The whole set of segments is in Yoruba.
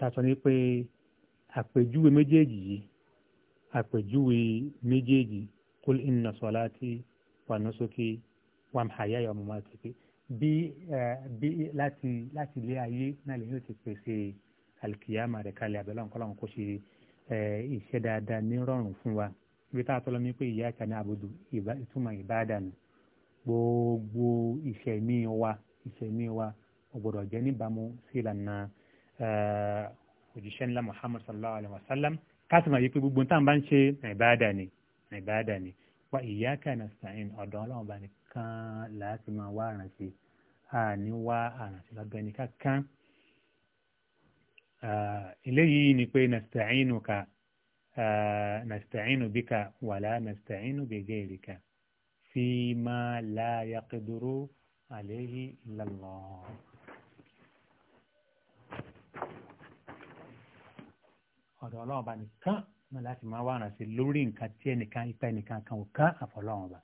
dáṣọ ni pé àpèjúwe méjèèjì yìí àpèjúwe méjèèjì kul inna salati wa nusuki wa mahayaya wa mamati pé bí bí láti láti ilé ayé náà lè yóò ti pèsè alikiyama rẹ̀ kalẹ̀ abẹ́lẹ́ ọ̀nkọ́lọ́ kó ṣe iṣẹ́ dáadáa ní rọrùn fún wa ibi tá a tọ́lọ́ ní pé ìyá kan ní abudu ìtumọ̀ ìbádànù gbogbo ìṣẹ̀mí wa ìṣẹ̀mí wa ọ̀gbọ̀dọ̀ jẹ́ níbàámu sí ìlànà Eh, òjíṣẹ́ ńlá muhammad sallallahu alayhi wa sallam káàsì máa yí pé gbogbo táwọn bá ń ṣe ìbáàdà ni ìbáàdà ni wa iyyaka nasta'in ọ̀dọ̀ ọlọ́run bá nìkan láti máa wá àrànṣe àní wá àrànṣe lọ́dọ̀ ẹni kankan. Eh, eléyìí ni pé nasta'inuka eh, nasta'inu bika wala nasta'inu bi ghayrika fima la yaqdiru alayhi illa Allah. ọ̀dọ̀ ọlọ́run ọba nìkan náà láti máa wá àrànṣe lórí nǹkan tí ẹnìkan ipa ẹnìkan kan ò kán àfọlọ́run ọba.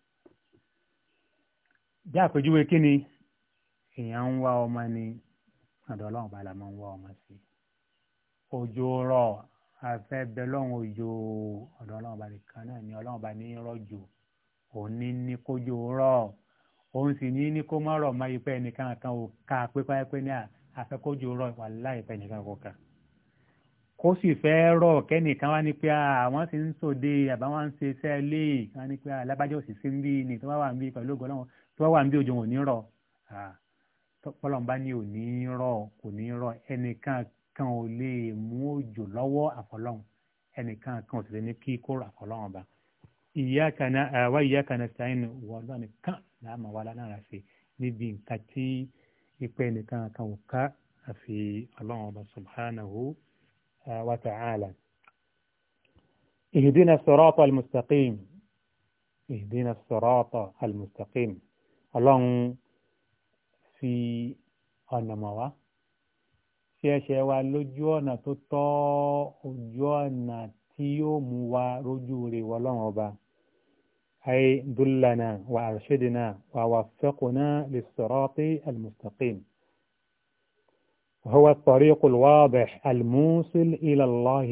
bí àpèjúwe kí ni èèyàn ń wá ọmọ ni ọ̀dọ̀ ọlọ́run ọba la máa ń wá ọmọ sí. òjò rọ̀ afẹ́ bẹ lọ́run òjò ọ̀dọ̀ ọlọ́run ọba nìkan náà ni ọlọ́run ọba ní rọ̀jò òun ní ní kójò rọ̀ òun sì ní ní kó má rọ̀ mọ́ ipa ẹnìkan kan ò ká pípa ẹpẹ́ ní àfẹ́kójò rọ̀ wà láì pẹ́ ẹnìkan kò kàn kó sì fẹ́ rọ̀ kẹ́nìkan wá ní pé àwọn ti ń sòde àbáwọn ń ṣe iṣẹ́ ilé kan wá ní pé alábàjọ́ sì sí ń bí ni tó bá wà ń bí pẹ̀lú ògùn ọlọ́run tó bá wà ń bí òjò wọn ò ní rọ̀ pọ́lọ́mbá ni ò ní rọ̀ kò ní rọ̀ ẹnìkan kan ò lè mú òjò lọ́wọ́ àfọlọ́run ẹnìkan kan ò sì lè ní kí kó rà àfọlọ́run ọba ìyá kan àwa ìyá kan sàyìn wọlọ́ nìkan láàmú wa lára sí níbi nǹkan tí ìpẹ́ nìkan kan ò ká àfi ọlọ́run ọba subhanahu وتعالى اهدنا الصراط المستقيم اهدنا الصراط المستقيم اللهم في النموة fi ẹsẹ̀ wa lójú ọ̀nà tó tọ́ ojú ọ̀nà tí yóò mú wa rójú rẹ̀ wọ lọ́wọ́n ọba ayé dúlànà wà àrṣẹ́dínà wà wà fẹ́kùnà lè sọ̀rọ̀ pé àlùmùsàkìm هو الطريق الواضح الموصل إلى الله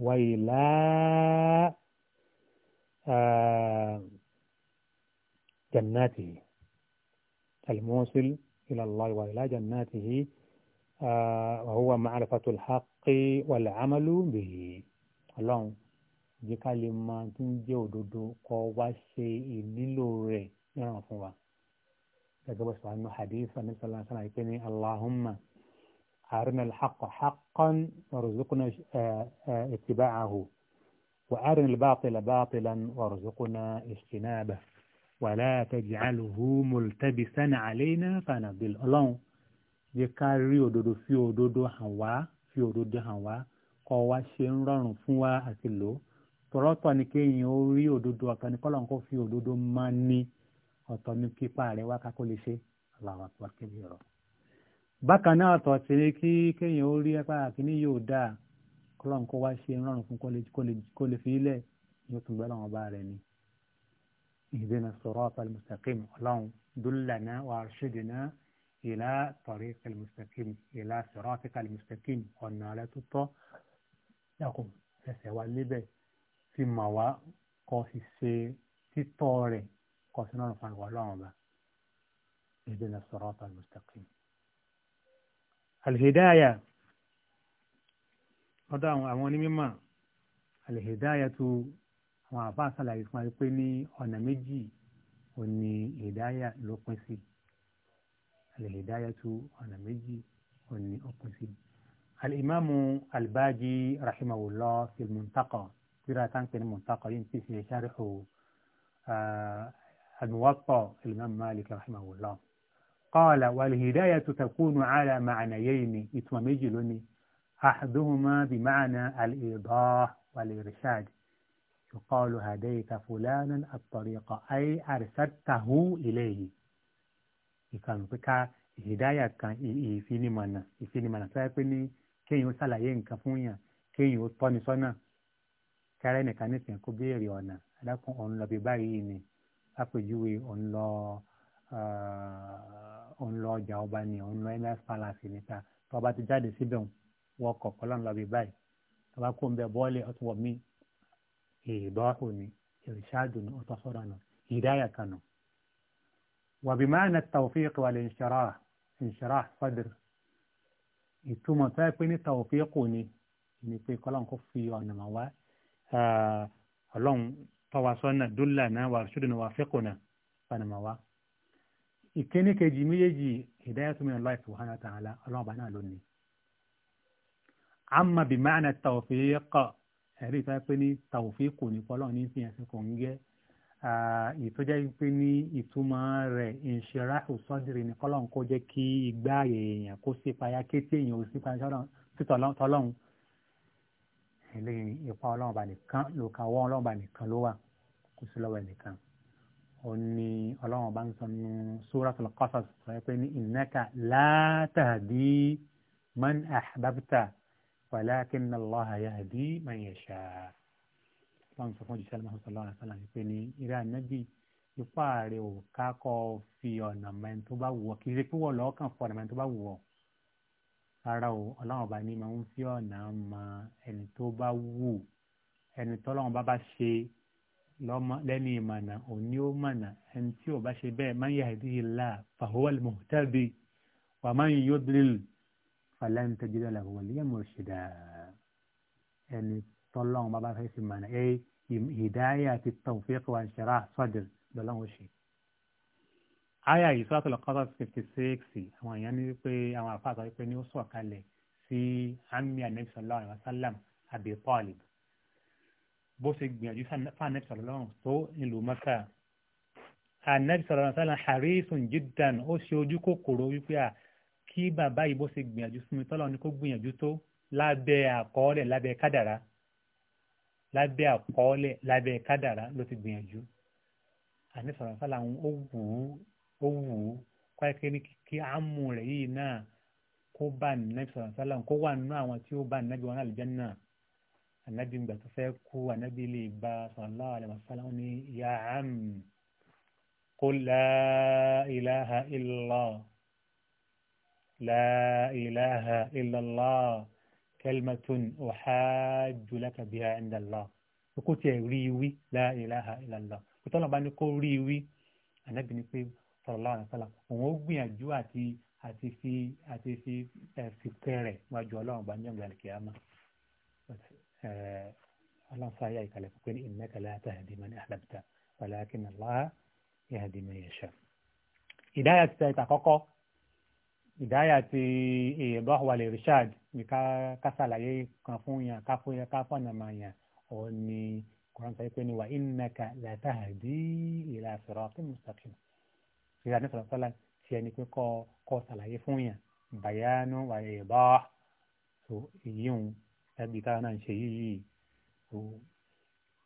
وإلى آه، جناته الموصل إلى الله وإلى جناته آه، وهو معرفة الحق والعمل به اللهم ji kalẹ̀ máa tí ń jẹ́ òdodo kọ́ wá ṣe ìnílò rẹ̀ níran fún wa gẹ́gẹ́ bó ṣe أرنا الحق حقا وارزقنا اتباعه وأرنا الباطل باطلا وارزقنا اجتنابه ولا تجعله ملتبسا علينا فنضل ọlọ́run jẹ́ ká rí òdodo fi òdodo hàn wá fi òdodo hàn wá kọ́ wa ṣe ń rọrùn fún wa àti lò tọ̀rọ̀tọ̀ ni kéèyàn ó rí òdodo ọ̀tọ̀ ni kọ́lọ̀ kó fi òdodo máa ní ọ̀tọ̀ ni kípa rẹ̀ wá ká kó lè ṣe aláwọ̀ àti wákìlì ọ̀rọ̀ bákan náà tọ̀ sí ni kí kéèyàn ó rí apá kìíní yóò dáa kọ́lọ́n kó wá ṣe rọrùn fún kó lè fi ilẹ̀ yóò tún gbọ́dọ̀ wọn bá rẹ̀ ni. ihdina siratal mustaqim ọlọ́run dullana wa arshidna ila tariqil mustaqim ila siratikal mustaqim ọ̀nà rẹ̀ tó tọ́ yàkùn ẹsẹ̀ wa lébẹ̀ fi mà wá kọ́ sì ṣe títọ́ rẹ̀ kọ́ sínú ọ̀nà fún àwọn ọlọ́run ọba. ihdina siratal mustaqim alihidaya ọ̀dọ̀ àwọn onímọ̀ alihidaya tó àwọn àbá àṣàlàyé fún wa pé ní ọ̀nà méjì ò ní hidaya ló pín sí alihidaya tó ọ̀nà méjì ò ní ó pín sí. الإمام الباجي رحمه الله في المنتقى قراءة في المنتقى ينتهي شرح الموطأ الإمام مالك رحمه الله قال والهداية تكون على معنيين إتما مجلني أحدهما بمعنى الإيضاح والإرشاد يقال هديت فلانا الطريق أي أرشدته إليه ìkànnì pé ká ìhìdáyà kan ìfinimọ̀nà ìfinimọ̀nà tó yẹ pé ní kéèyàn ó ṣàlàyé nǹkan fún yàn kéèyàn ó tọ́ni sọ́nà kárẹ́ nìkan nísìnyí kó béèrè ọ̀nà adákùn òun báyìí ni lápèjúwe òun ah, òun lọ ọjà ọba ni òun lọ ms palace níta tó ọba ti jáde síbẹ̀ wọ ọkọ̀ kọ́lọ́n lọ bí báyìí ọba kó ń bẹ bọ́ọ̀lì ọtún wọ mí èèbọ̀ òní ìrìṣàdùn ọtọ́ sọ́dọ̀ nù ìdáyà kan nù. وبمعنى التوفيق والانشراح انشراح صدر ìtumọ̀ tó yẹ pé ní tàwọ̀fíìkù ni ni pé kọ́lọ́n kò fi ọ̀nà mà wá ọlọ́run tọ́wasọ́nà dúlà náà wà ṣùdùnà wà fẹ́kùnà fanàmà wá ìkíní kejì méjèèjì hidayatu min Allah subhanahu wa ta'ala ọlọ́run ọba náà lónìí. amma bi ma'na tawfiq ẹ̀rí ìfẹ́ pé ní tawfiq kò ní fọlọ́run ní fi ẹ̀sìn kò ń gẹ́ ìtọ́jẹ́ pé ní ìtumọ̀ rẹ̀ inshirahu sadri ní kọ́lọ́n kó jẹ́ kí igbá èèyàn kó sí payá kété èèyàn ò sí payá tọ́lọ́run òní ọlọ́run bá ń sọ nínú suratul Qasas sọ pé ní innaka la tahdi man ahbabta walakinna Allaha yahdi man yasha wọ́n sọ fún jíṣẹ́ lọ́wọ́ sọ̀rọ̀ àwọn sọ̀rọ̀ pé ní eré ànábì ipá rẹ̀ ò kákọ́ fi ọ̀nà mẹ́rin tó bá wù ọ́ kì í ṣe pé wọ́n lọ́ọ́ kàn fọ ọ̀nà mẹ́rin tó bá wù rárá o ọlọ́run ọba ní máa ń fi ọ̀nà mọ ẹni tó bá wù ẹni tọ́lọ́run bá bá ṣe lẹ́ni ìmọ̀nà òní ó mọ̀nà ẹni tí ò bá ṣe bẹ́ẹ̀ man yahdihillah fahuwal muhtadi wa man yudlil falan tajida lahu waliyyan murshida ẹni tọ́lọ́run bá bá fẹ́ fi mọ̀nà ẹ hidaya àti tawfiq wa inshirah sadr lọ́lọ́run ṣe. àyà yìí Suratul Qasas fifty six àwọn èèyàn ní pé àwọn àfáàtọ̀ wípé ní ó bó ṣe gbìyànjú fáànẹ́bí sọ̀rọ̀ tó ìlú mọ́kà ànẹ́bí sọ̀rọ̀ sọ̀rọ̀ harisun jiddan ó ṣe ojú kòkòrò wípé à kí bàbá yìí bó ṣe gbìyànjú fún mi tọ́lọ́ ni kó gbìyànjú tó lábẹ́ àkọọ́lẹ̀ lábẹ́ kádàrá lábẹ́ àkọọ́lẹ̀ lábẹ́ kádàrá ló ti gbìyànjú ànẹ́bí sọ̀rọ̀ sọ̀rọ̀ àwọn ó wù ú ó wù ú kí àmú rẹ̀ yìí náà kó bá ànẹ́bí sọ̀rọ̀ sọ̀rọ̀ kó wà nínú àwọn tí ó bá ànẹ́bí wọn àlùjánnà náà anabi ìgbà tó fẹ́ kú anabi lè ba sallallahu alaihi wasallam ní ya am qul la ilaha illallah la ilaha illallah kalimatun uhajju laka biha inda Allah kó tiẹ̀ rí i wí la ilaha illallah kó tọ́lọ̀ bá ní kó rí i wí anabi ní pé sallallahu alaihi wasallam òun ó gbìyànjú àti àti fi àti fi ẹ̀ eh, fi kẹrẹ̀ wájú ọlọ́run bá ní ọ̀gbìn àlùkìyàmá. الله صحيح أيك لكن إنك لا تهدي من أحببت ولكن الله يهدي من يشاء إداية تتقوق إداية إيضاح والإرشاد كسالة كفونيا كفونيا كفونا مانيا أني القرآن سيكون وإنك لا تهدي إلى صراط مستقيم في هذا صلى الله عليه وسلم يعني كو كو سالة فونيا بيان وإيضاح so ìyíhun ẹbí táwọn náà ń ṣe yìí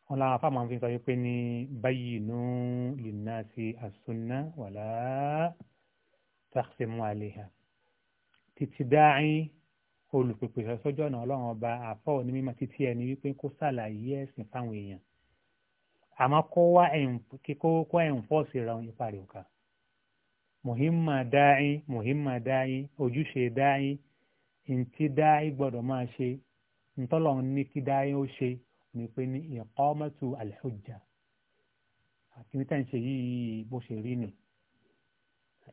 wọn làwọn afáàmù àfihàn sọ wípé ní báyìí nù lìnà sí àsúná wàlá tàxímù àlehà títí dáhìn olùpèpè sọ́jọ́ ọ̀nà ọlọ́run ọba àfọ́ òní mímọ́ títí ẹni wípé kó sàlàyé ẹ̀sìn fáwọn èèyàn àmọ́ kó wá kó ẹ̀ǹfọ́ọ̀sì ra wọn ipa rẹ̀ òkà mùhímmà dáhìn mùhímmà ojúṣe dáhìn ntí dáhìn gbọ́dọ̀ máa ṣe ntọ́lọ̀ ní kí dáyé ó ṣe ni pé ní ìkọ́mọ́tò àlẹ́hùjà àti níta ń ṣe yìí bó ṣe rí nì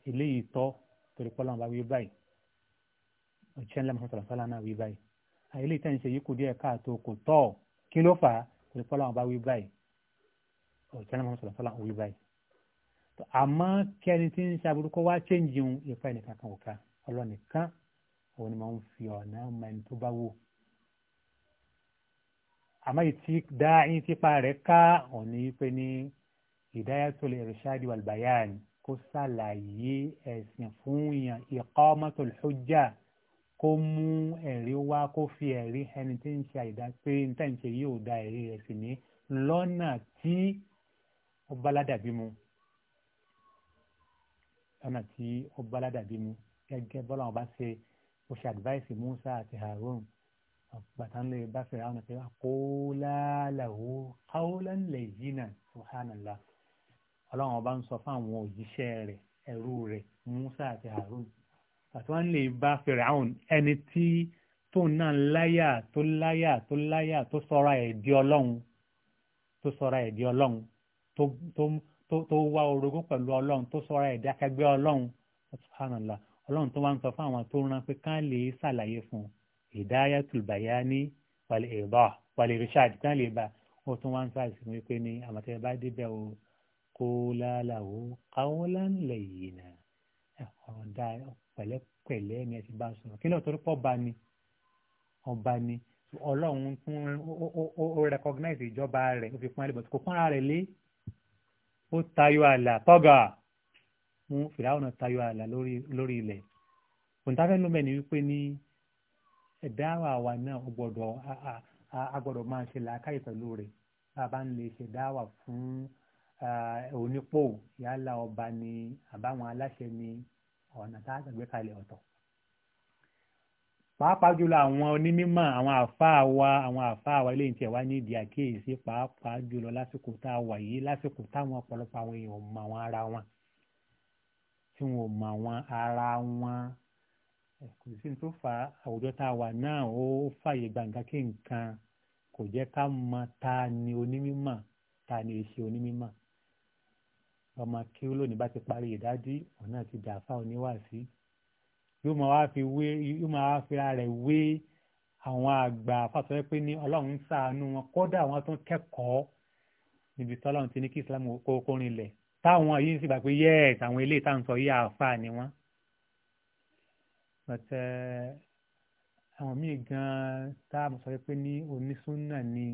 eléyìí tọ́ torí pọ́lọ́ bá wí báyìí òṣìṣẹ́ ńlá mọ́tò sọ́lá náà wí báyìí eléyìí tá ń ṣe yìí kò díẹ̀ káàtó kò tọ́ kí ló fà á torí pọ́lọ́ bá wí báyìí òṣìṣẹ́ ńlá mọ́tò sọ́lá wí báyìí àmọ́ kẹ́ni tí ń ṣàbùrúkọ wá chẹ́ǹjì ìfẹ́ nìkan kan ò ká ọlọ́nìkan òun ni mo ń fi ọ̀nà mẹ́ni tó bá wò àmọ́ ìtì dáhìn tipa rẹ̀ ká òní pé ní hidayatul irshad wal bayan kó ṣàlàyé ẹ̀sìn fún yàn iqamatul hujja kó mú ẹ̀rí wá kó fi ẹ̀rí ẹni tí ń ṣe àìdá pé ní tá à ń ṣe yóò da ẹ̀rí rẹ̀ sí ní lọ́nà tí ó baládàbí mu lọ́nà tí ó baládàbí mu gẹ́gẹ́ bọ́lá wọn bá ṣe ó ṣe advice Musa àti Harun bàtà lè bá fẹ̀rẹ̀ àwọn ọ̀sẹ̀ kólàlàwò qawlan layyina subhanallah ọlọ́run ọba ń sọ fáwọn òjíṣẹ́ rẹ̀ ẹ̀rú rẹ̀ Musa àti Harun bàtà wọn lè bá fẹ̀rẹ̀ àwọn ẹni tí tó náà láyà tó láyà tó láyà tó sọra ẹ̀ di ọlọ́run tó sọra ẹ̀ ọlọ́run tó wá orogún pẹ̀lú ọlọ́run tó sọra ẹ̀ akẹgbẹ́ ọlọ́run subhanallah ọlọ́run tó wá ń sọ fáwọn tó rán pé ká lè ṣàlàyé fún un hidayatul bayani wal idah wal irshad tán lè bá ó tún wá ń fà sí wípé ní àmọ̀tẹ́ bá débẹ̀ o kó láláwo qawlan layyina ọ̀rọ̀ dá pẹ̀lẹ́pẹ̀lẹ́ ni ẹ ti bá sọ̀rọ̀ kí lóò torí pọ̀ bá ni ọba ni ọlọ́run tún ó recognize ìjọba rẹ̀ ó fi pọ́n ẹlẹ́bọ̀ tí kò pọ́nra rẹ̀ lé ó tayọ ààlà tọ́gà mú fìdáwọ̀nà tayọ ààlà lórí ilẹ̀ òǹtafẹ́ lómẹ́ni wípé ní ẹ̀dá àwa náà ó gbọ́dọ̀ a máa ṣe làákàyè pẹ̀lú rẹ̀ bá a bá ń lè ṣe dáwà fún onípò yálà ọba ni àbáwọn aláṣẹ ni ọ̀nà tá a gbàgbé kalẹ̀ ọ̀tọ̀ pàápàá jùlọ àwọn onímọ̀ àwọn àfáà wa àwọn àfáà wa eléyìí tí ẹ wá ní ìdí àkíyèsí pàápàá jùlọ lásìkò tá a wà yìí lásìkò táwọn ọ̀pọ̀lọpọ̀ àwọn èèyàn mọ àwọn ara wọn tí wọn mọ àwọn ara wọn kò sí tó fa àwùjọ tá a wà náà ó fàyè gbàǹgà kí nǹkan kò jẹ́ ká mọ ta ni onímọ̀ ta ni èsì onímọ̀ ọmọ kí ó lónìí bá ti parí ìdádí òun náà ti dà fá oníwàásí yóò máa wá fi wé yóò máa wá fi ra rẹ̀ wé àwọn àgbà fàtọ́ pé ní ọlọ́run ń ṣàánú wọn kódà wọn tún kẹ́kọ̀ọ́ níbi tọ́lọ́run ti ní kí islam kó kórin lẹ̀ táwọn yìí ń sì gbà pé yẹ́ẹ̀ àwọn eléyìí táwọn yìí àáfàá ni wọ́n pẹ̀tẹ́ uh, àwọn míì gan-an tá a mọ̀ sọ pé ní onísúnà ni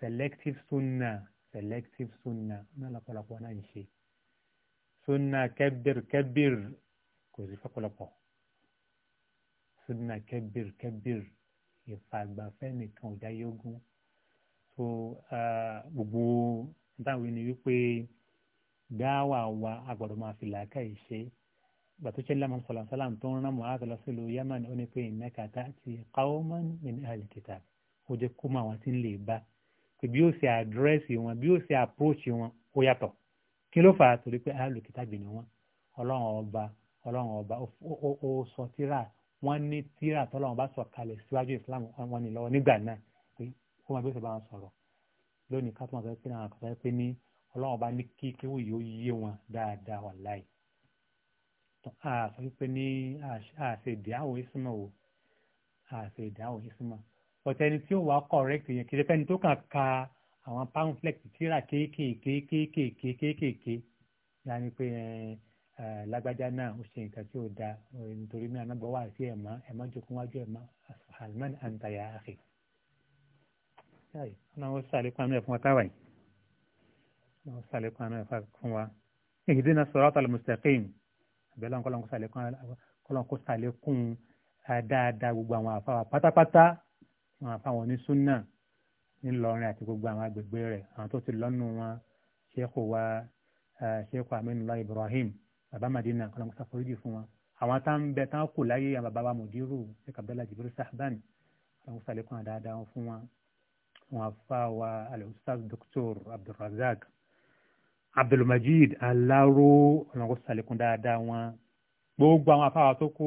selective sunna selective sunna náà lọ́pọ̀lọpọ̀ náà ń ṣe sunna kẹ́bìr kẹ́bìr kò sí fọ́pọ̀lọpọ̀ sunna kẹ́bìr kẹ́bìr ìfàgbàfẹ́ nìkan ò jáyé ogún so uh, gbogbo uh, táwọn ènìyàn wípé dáwà wa a gbọ́dọ̀ máa fi làákàyè ṣe gbàtúṣe lamọ sọlọsọlá tó ń rán muhammed lọ sílùú yamani ó ní pé innaka ta'ti qauman min ahli kitab ó jẹ kó mọ àwọn tí ń lè bá pé bí ó ṣe àdírẹ́sì wọn bí ó ṣe àpòròṣì wọn ó yàtọ̀ kí ló fà á torí pé ahli kitab ni wọn ọlọ́run ọba ọlọ́run ọba ó sọ tíra wọn ní tíra tọ́lọ́run bá sọ kalẹ̀ síwájú islam wọn ní lọ́wọ́ nígbà náà pé ó máa bí ó ṣe bá wọn sọ̀rọ̀ lónìí ká tó máa fẹ́ pé àwọn àkọsẹ́ pé ní ọlọ́run ọba ní kí kí wọ́n yóò yé wọn dáadáa wà láì a sọ wípé ní àṣẹ ìdáwò ìsúnmọ́ o àṣẹ ìdáwò ìsúnmọ́ ọ̀tẹ̀ ẹni tí ó wà correct yẹn kì í ṣe pẹ́ni tó kàn ka àwọn pamphlet tíra kéékèèké kéékèèké kéékèèké yáni pé lágbájá náà ó ṣe nǹkan tí ó da nítorí náà náà bọ́ wá sí ẹ̀mọ́ jókòó wájú ẹ̀mọ́ alman antaya akhi. ọ̀nà ó sàlékún àmì ẹ̀fún wa táwa yìí ọ̀nà ó sàlékún àmì ẹ̀fún wa. ihdina siratal mustaqim abẹ́lẹ́ wọn kọ́lọ́n kó sàlékún eh, dáadáa gbogbo àwọn àfáwà pátápátá àwọn àfáwọn onísúnà ńlọrin àti gbogbo àwọn agbègbè rẹ̀ àwọn tó ti lọ́nu wọn ṣéèkù wa eh, ṣéèkù aminullah ibrahim bàbá madina kọ́lọ́n kó sàforíjì fún wọn àwọn tá ń bẹ tán kù láyé àwọn bàbá wa mùdírù ṣéèkù abdullahi jibril sahban kọ́lọ́n kó sàlékún dáadáa fún wọn àwọn àfáwà alẹ́ abdulmajid alaro ọlọ́nkọ́ sàlékún dáadáa wọn gbogbo àwọn afáwà tó kù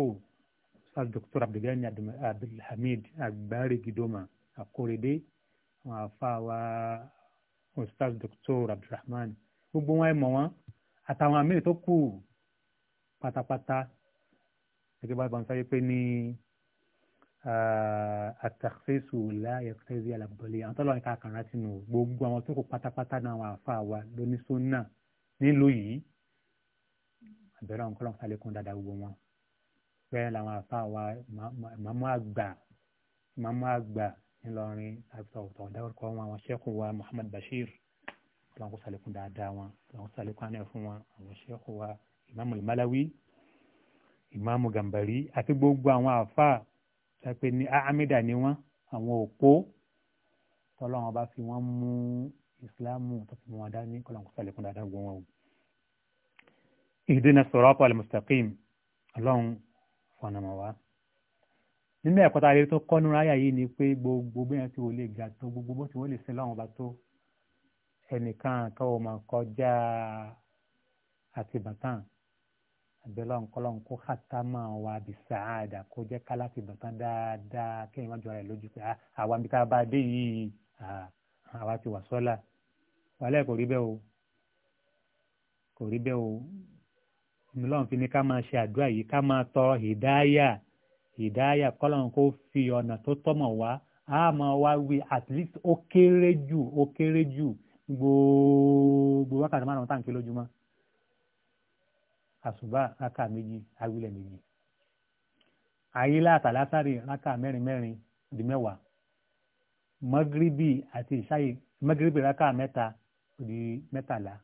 sars dr abdulgani abdulhamid agbárí gidoma akórèdé àwọn afáwà ustaz dr abdulrahman gbogbo wọn ẹ mọ̀ wọn àtàwọn àmì tó kù pátápátá gẹ́gẹ́ bá a bá ń sáyé pé ní àtàkfẹ́sù láyẹ̀kẹ́sì alábọ̀lẹ̀ àwọn tọ́lọ́ nìkan àkàrà tinú gbogbo àwọn tó kù pátápátá náà àwọn àfa wa lóní sọ́nà nílùú yìí àbẹ̀rẹ̀ àwọn kọ́lọ́n falẹ̀kùn dáadáa gbogbo wọn bẹ́ẹ̀ làwọn àfa wa màmú àgbà màmú àgbà ńlọrin àtọ̀tọ̀ dárúkọ wọn àwọn sẹ́kù wa Muhammad Bashir kọ́lọ́n kó falẹ̀kùn dáadáa wọn kọ́lọ́n kó falẹ̀kùn àná fún wọn Imam al-Malawi Imam Gambari àti gbogbo àwọn àfa pé ní amida ni wọ́n àwọn òpó tọ́lọ́wọ́n bá fi wọ́n mú ìsìláàmù tó fi mú wọn dání kọ́lọ́wọ́n kó sàlékún dáadáa gbọ́n wọn o. ihdina sirata al-mustaqim ọlọ́run fọ̀nàmọ̀ wá. nínú ẹ̀kọ́ tá a lè tó kọ́ nínú ayà yìí ni pé gbogbo bẹ́ẹ̀ tí o lè ga tó gbogbo bó ti wọ́n lè sin láwọn bá tó ẹnìkan kan ò kọjá àti bàtàn abẹ́lẹ́ ọ̀nkọ́lọ́n kó hàtá máa wà bí sàáda kó jẹ́ kálá ti bọ̀tán dáadáa kéèyàn má jọra ẹ̀ lójú pé ah, àwa bí ká bá dé yìí ah, àwa ti wà sọ́là wàhálà kò rí bẹ́ẹ̀ o kò rí bẹ́ẹ̀ o ìmúlọ́run fi ni ká máa ṣe àdúrà yìí ká máa tọ hìdáyà hìdáyà kọ́lọ́run kó fi ọ̀nà tó tọ́mọ̀ wá á máa wá wí at least ó kéré jù ó kéré jù gbogbo wákàtí márùn-ún táǹkì lójúmọ́ àṣùbà raka méjì awílẹ̀ méjì àyílá àtàlásárì raka mẹ́rin mẹ́rin di mẹ́wàá mọ́gíríbì àti ìṣáyè mọ́gíríbì raka mẹ́ta di mẹ́tàlá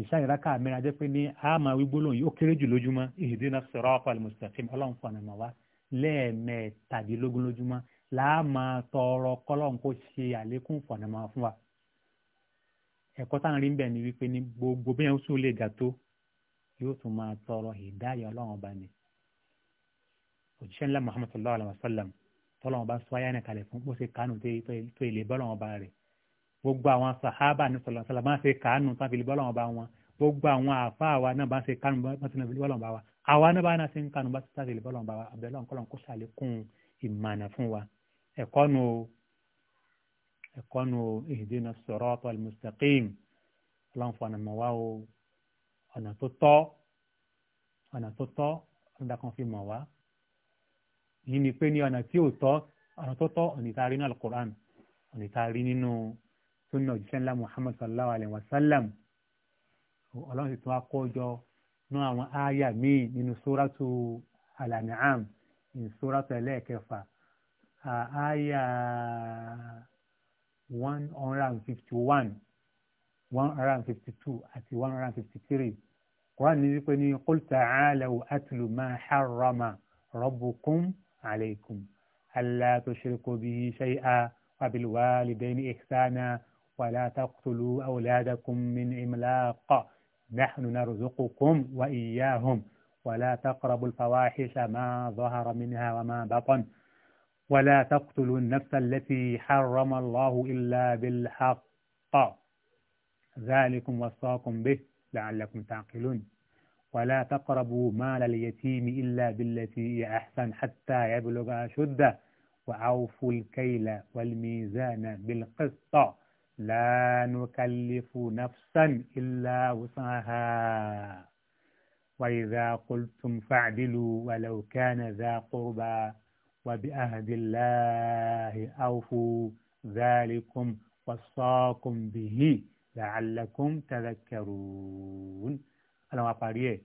ìṣáyè raka mẹ́rin ajẹ́ pé ní àmà wígbólóhùn yóò kéré jù lójúmọ́ ihdina siratal mustaqim ọlọ́run fọ̀nà mà wá lẹ́ẹ̀mẹ́tàdínlógún lójúmọ́ láàmà tọrọ kọ́lọ́run kó ṣe àlékún fọ̀nà mà fún wa ẹ̀kọ́ táwọn rí ń bẹ̀ ni wípé ní gbogbo bí wọ́n sún lè gà tó yóò tún máa tọrọ ìdáyà ọlọ́run ọba ni òjíṣẹ́ ńlá muhammadu sallallahu alayhi wa sallam tọ́lọ́run ọba sọ ayá ní kalẹ̀ fún pósí kánú tó ilé bọ́lọ́run ọba rẹ̀ gbogbo àwọn sàhábà ní sọlọ sọlọ bá ń ṣe kánú tán fi lè bọ́lọ́run ọba wọn gbogbo àwọn àfa àwa náà bá ń ṣe kánú bá ń ṣe lè bọ́lọ́run ọba wa àwa náà bá ń ṣe kánú bá ń ṣe lè bọ́lọ́run ọba wa abẹ́lẹ́ ọ̀nkọ́lọ́n kó ṣàlékún ìmọ̀nà fún wa ẹ̀kọ́ nu ẹ̀kọ́ nu ihdina siratal mustaqim ọlọ́run fọ̀nàmọ́wá o ọ̀nà tó tọ́ ọ̀nà tó tọ́ ọ̀nà kan fi mọ̀ wá yìí ni pé ní ọ̀nà tí ò tọ́ ọ̀nà tó tọ́ ọ̀nà ìta rí nínú alukur'an ọ̀nà ìta rí nínú sunna òjíṣẹ́ ńlá muhammad sallallahu alayhi wa sallam ọlọ́run ti tún akójọ nú àwọn ááyà míì nínú sóràtú alaniam nínú sóràtú ẹlẹ́ẹ̀kẹfà aya one hundred and fifty one one hundred and fifty two àti one hundred and fifty three quran ní wípé ní qul ta'alaw atlu ma harrama rabbukum alaykum alla tushriku bihi shay'a wa bil walidayni ihsana wala taqtulu awladakum min imlaq nahnu narzuqukum wa iyyahum ولا تقربوا الفواحش ما ظهر منها وما بطن ولا تقتلوا النفس التي حرم الله إلا بالحق ذلكم وصاكم به لعلكم تعقلون ولا تقربوا مال اليتيم إلا بالتي هي أحسن حتى يبلغ أشده وأوفوا الكيل والميزان بالقسط لا نكلف نفسا إلا وسعها وإذا قلتم فاعدلوا ولو كان ذا قربى وبأهد الله أوفوا ذلكم وصاكم به لعلكم تذكرون أنا أقاريه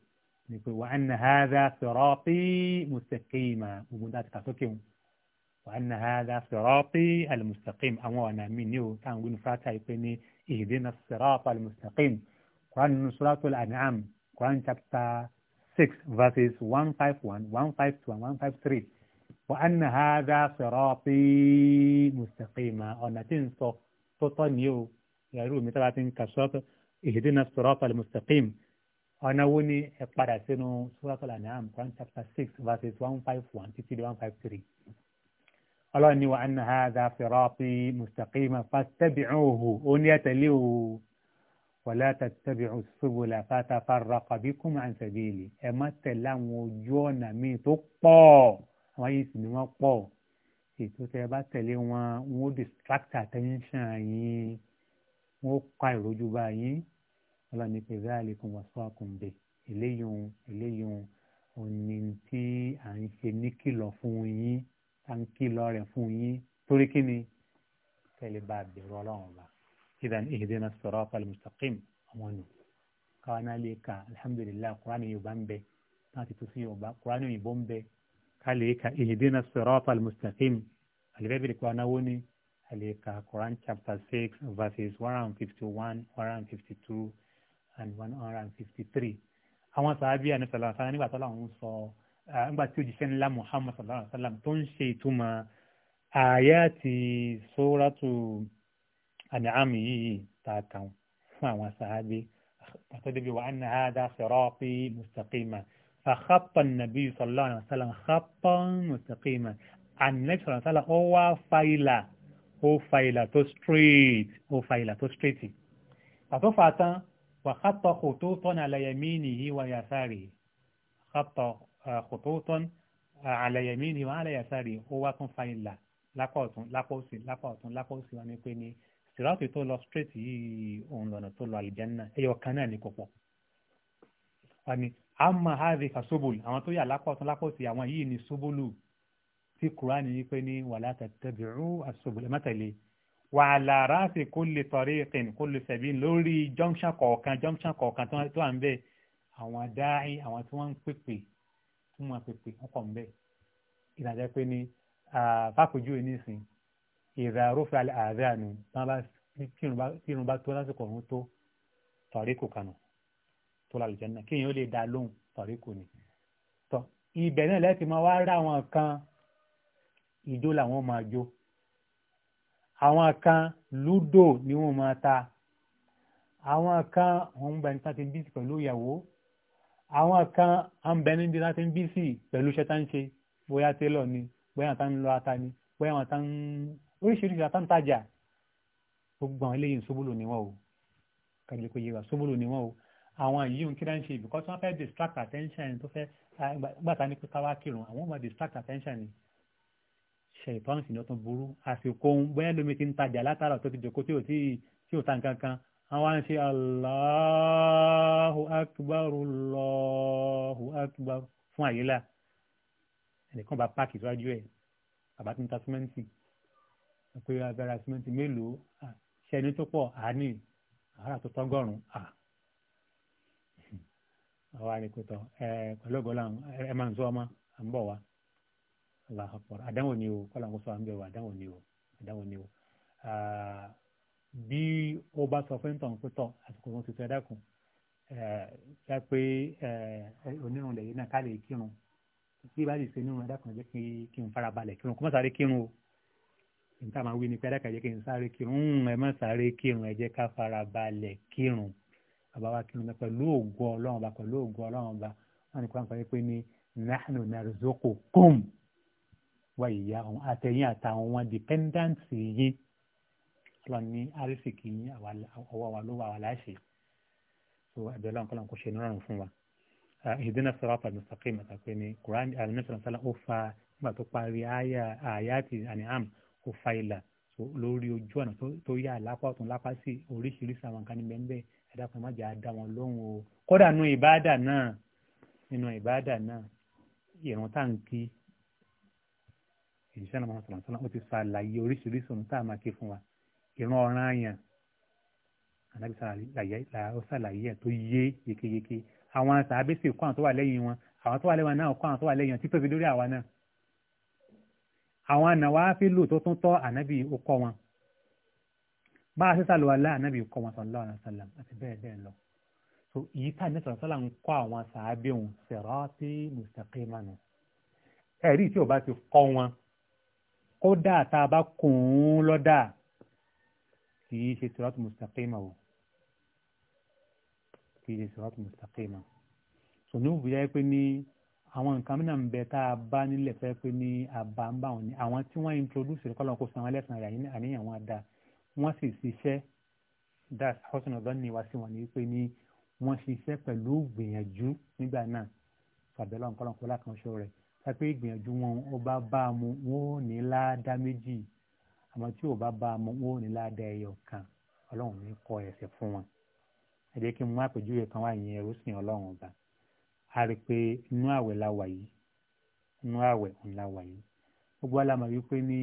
وأن هذا صراطي مستقيما ومدات كاتوكيون وأن هذا صراطي المستقيم أما أنا من يو كان يقول فاتا يبني إهدنا الصراط المستقيم قرآن سورة الأنعام قرآن chapter 6 verses 151 152 153 وأن هذا صراطي مستقيما أنا تنسو تطنيو ìyàrá omi tábà ti ń ka sọ́tọ̀ ìhìdínà sọ̀rọ̀tọ̀ al-mustaqim ọ̀nà wo ni ẹ padà sínú suratul an'am Quran chapter six verses one five one títí di one five three. ọlọ́run ni wa anna hadha sirati mustaqima fastabi'uhu ó ní ẹ tẹ̀lé tattabi'u subula fatafarraqa bikum an sabili ẹ má tẹ̀lé àwọn ojú ọ̀nà míì tó pọ̀ àwọn yìí sì ni wọ́n pọ̀ ètò tẹ́ bá tẹ̀lé wọn wọ́n distract attention yín wọn ó pa ìrojú bá yín ọlọ́ni pé záàlì kan wàásù àkùnbẹ eléyìí ohun eléyìí ohun òní tí à ń ṣe ní kìlọ̀ fún yín à ń kìlọ̀ rẹ̀ fún yín torí kí ni tẹ́lẹ̀ bá bẹ̀rù ọlọ́run bá idan ihdina as-sirata al-mustaqim àwọn nù káwa náà lè ka alhamdulilayi kuraani yorùbá ń bẹ náà ti tó sí yorùbá kuraani òyìnbó ń bẹ ká lè ka ihdina as-sirata al-mustaqim àlùbẹ́bẹ̀rẹ̀ kó anáwó ni a lè Quran chapter six verses one hundred and fifty one one hundred and fifty two and one hundred and fifty three àwọn sàábì ànisọ̀lá sàlá nígbà tó làwọn sọ nígbà tí òjíṣẹ́ ńlá Muhammad sallallahu alayhi wa sallam tó ń ṣe ìtumọ̀ àyàtì sóràtù àníàmì yìí tààkàn fún àwọn sàábì àtọ́dẹ́bí wa anna hadha sirati mustaqima فخط النبي صلى الله عليه وسلم خطا مستقيما عن النبي صلى الله عليه وسلم هو فايلا ó fa ìlà tó straight ó fa ìlà tó straight pàtó fa tán wàhátọ kòtó tọ́nà àlàyémí nìyí wáyà sáré wàhátọ kòtó tọ́nà àlàyémí nìyí wáyà sáré ó wá tún fa ìlà lápá ọ̀tún lápá òsì lápá ọ̀tún lápá òsì wá ní pé ní sìrọ́ọ̀tì tó lọ straight yìí òun lọ́nà tó lọ àlìjánná ẹyọ kan náà ní kò pọ̀ wani amma hazi ka subul àwọn tó yà lápá ọ̀tún lápá òsì àwọn yìí ní subulu tí kúránì yìí pé ní wàlá tattabi'u as-subul mẹ́tẹ̀lẹ́ wa ala ra'si kulli tariqin kulli sabil lórí junction kọ̀ọ̀kan junction kọ̀ọ̀kan tó wà ń bẹ̀ àwọn dáhìn àwọn tí wọ́n ń pèpè fún wọn pèpè wọn kọ̀ ń bẹ̀ ìdájọ́ pé ní fàkójú ẹ̀ nísìn ìdá rúfẹ́ ààrẹ àná tírun bá tó lásìkò ọ̀run tó tọ̀ríkù kanù tó lálẹ́ jẹ́ náà kéèyàn ó lè dá lóhùn tọ̀ríkù ni. ibẹ̀ náà ìjó làwọn máa jó àwọn kan lúdò ni wọ́n máa ta àwọn kan òun bẹni tá ti ń bísí pẹ̀lú ìyàwó àwọn kan àwọn bẹni bí láti ń bísí pẹ̀lú iṣẹ́ tá ń ṣe bóyá télọ̀ ni bóyá àwọn tá ń lọ ata ni bóyá àwọn tá ń oríṣiríṣi àtà ń tajà gbogbo àwọn eléyìí ṣubúlù ni wọn o kàbí kò yé wa ṣubúlù ni wọn o àwọn yìí ń kíra ń ṣe because wọ́n fẹ́ distract attention tó fẹ́ eh, gbàtà ní pé káwá kírun àwọn máa distract attention ni ṣèyítọ́nù sì ni ó tún burú àsìkò ohun bóyá lómi ti ń tajà látara tó ti jòkó tí ò tí tí ò ta nǹkan kan àwọn à ń ṣe Allahu akbar Allahu akbar fún àyílà ẹnìkan bá páàkì síwájú ẹ bàbá tó ń ta símẹ́ǹtì pé agbára símẹ́ǹtì mélòó ṣẹ́ni tó pọ̀ àání àárà tó tọ́gọ́rùn-ún à àwa ni kò tán ẹ pẹ̀lú ọgọ́lá ẹ máa ń sọ ọmọ à ń bọ̀ wá. Allahu Akbar àdáwọn ni o kọ́lá ń sọ à ń bẹ̀rù àdáwọn ni o àdáwọn ni o bí ó bá sọ fún tọ̀hún pé àsìkò wọn ti sọ ẹ̀dá ṣá pé onírun lẹ́yìn náà ká lè kírun tí bá lè ṣe onírun ẹ̀dá jẹ́ kí n farabalẹ̀ kírun kó má sáré kírun o nta máa wí ni pé ẹ̀dá kan jẹ́ kí n sáré kírun ẹ má sáré kírun ẹ jẹ́ ká farabalẹ̀ kírun bàbá wa kírun náà pẹ̀lú ògo Ọlọ́run ba pẹ̀lú ògo Ọlọ́run ba wọn ni kó àǹfààní pé ní wá ìyá ọ̀hún àtẹ̀yìn àtàwọn wọn dìpẹ́ndàǹtì yín ọlọ́run ní àrísìkì yín ọwọ́ wa ló wà wà láṣẹ so àbẹ̀ ọlọ́run kọ́lọ́n kò ṣe nírọ̀rùn fún wa ìdínà sọ́rọ́pà mustaqim àtàkùn ẹni Quran alimẹ́sàn-án ó fa nígbà tó parí àyàtì àníhàm ó fa ìlà lórí ojú ọ̀nà tó yà lápá ọ̀tún lápá sí oríṣiríṣi àwọn nǹkan níbẹ̀ ńbẹ́ ẹ̀dá kan má jà á dá wọn lóhùn o kódà nínú ìbáàdà náà nínú ìbáàdà náà ìrùn táǹkì ìṣẹ́ náà sọ̀rọ̀ sọ́nà ó ti ṣàlàyé oríṣiríṣi ohun tá a máa ké fún wa ìran ọ̀ràn àyàn ànábi ṣàlàyé ẹ̀ tó yé yékéyéké àwọn sàábé sì kọ́ àwọn tó wà lẹ́yìn wọn àwọn tó wà lẹ́yìn wọn náà kọ́ àwọn tó wà lẹ́yìn wọn títí tóbi lórí àwa náà àwọn ànàwà fi lò tó tún tọ́ ànábi ó kọ́ wọn bá a ṣe ṣàlùwàlá ànábi ó kọ́ wọn sallallahu alaihi wasallam àti bẹ́ẹ̀ bẹ́ẹ̀ lọ so èyí tá ní sọ̀rọ̀ sọ́là ń kọ́ àwọn sàábé òun sirati mustaqima ẹ̀rí tí ò bá ti kọ́ wọn kódà tá a bá kùn ún lọ́dà kì í ṣe siratu mustaqima o kì í ṣe siratu mustaqima sọ̀nù bóyá pé ní àwọn nǹkan mìíràn ń bẹ tá a bá nílẹ̀ fẹ́ pé ní àbá ń bá wọn ni àwọn tí wọ́n introduce rẹ̀ kọ́lọ́n kó san wọn lẹ́sàn-án àníyàn wọn da wọ́n sì ṣiṣẹ́ that's husband of ni wá sí wọn ni pé ní wọ́n ṣiṣẹ́ pẹ̀lú gbìyànjú nígbà náà fàbẹ́lọ́nkọ́lọ́nkọ́ lákànṣọ́ rẹ̀ sápẹ́ ìgbìyànjú wọn ó bá bá a mu wọn ò ní láàdá méjì àmọ́ tí ò bá bá a mu wọn ò ní láàdá ẹyọ kan ọlọ́run ní kọ ẹ̀ṣẹ̀ fún wọn. ẹ jẹ́ kí n mú àpèjúwe kan wá ìyẹn ẹ̀rú sìn ọlọ́run ọba a rí i pé inú àwẹ̀ la wà yìí inú àwẹ̀ ń la wà yìí gbogbo alamọ yìí pé ní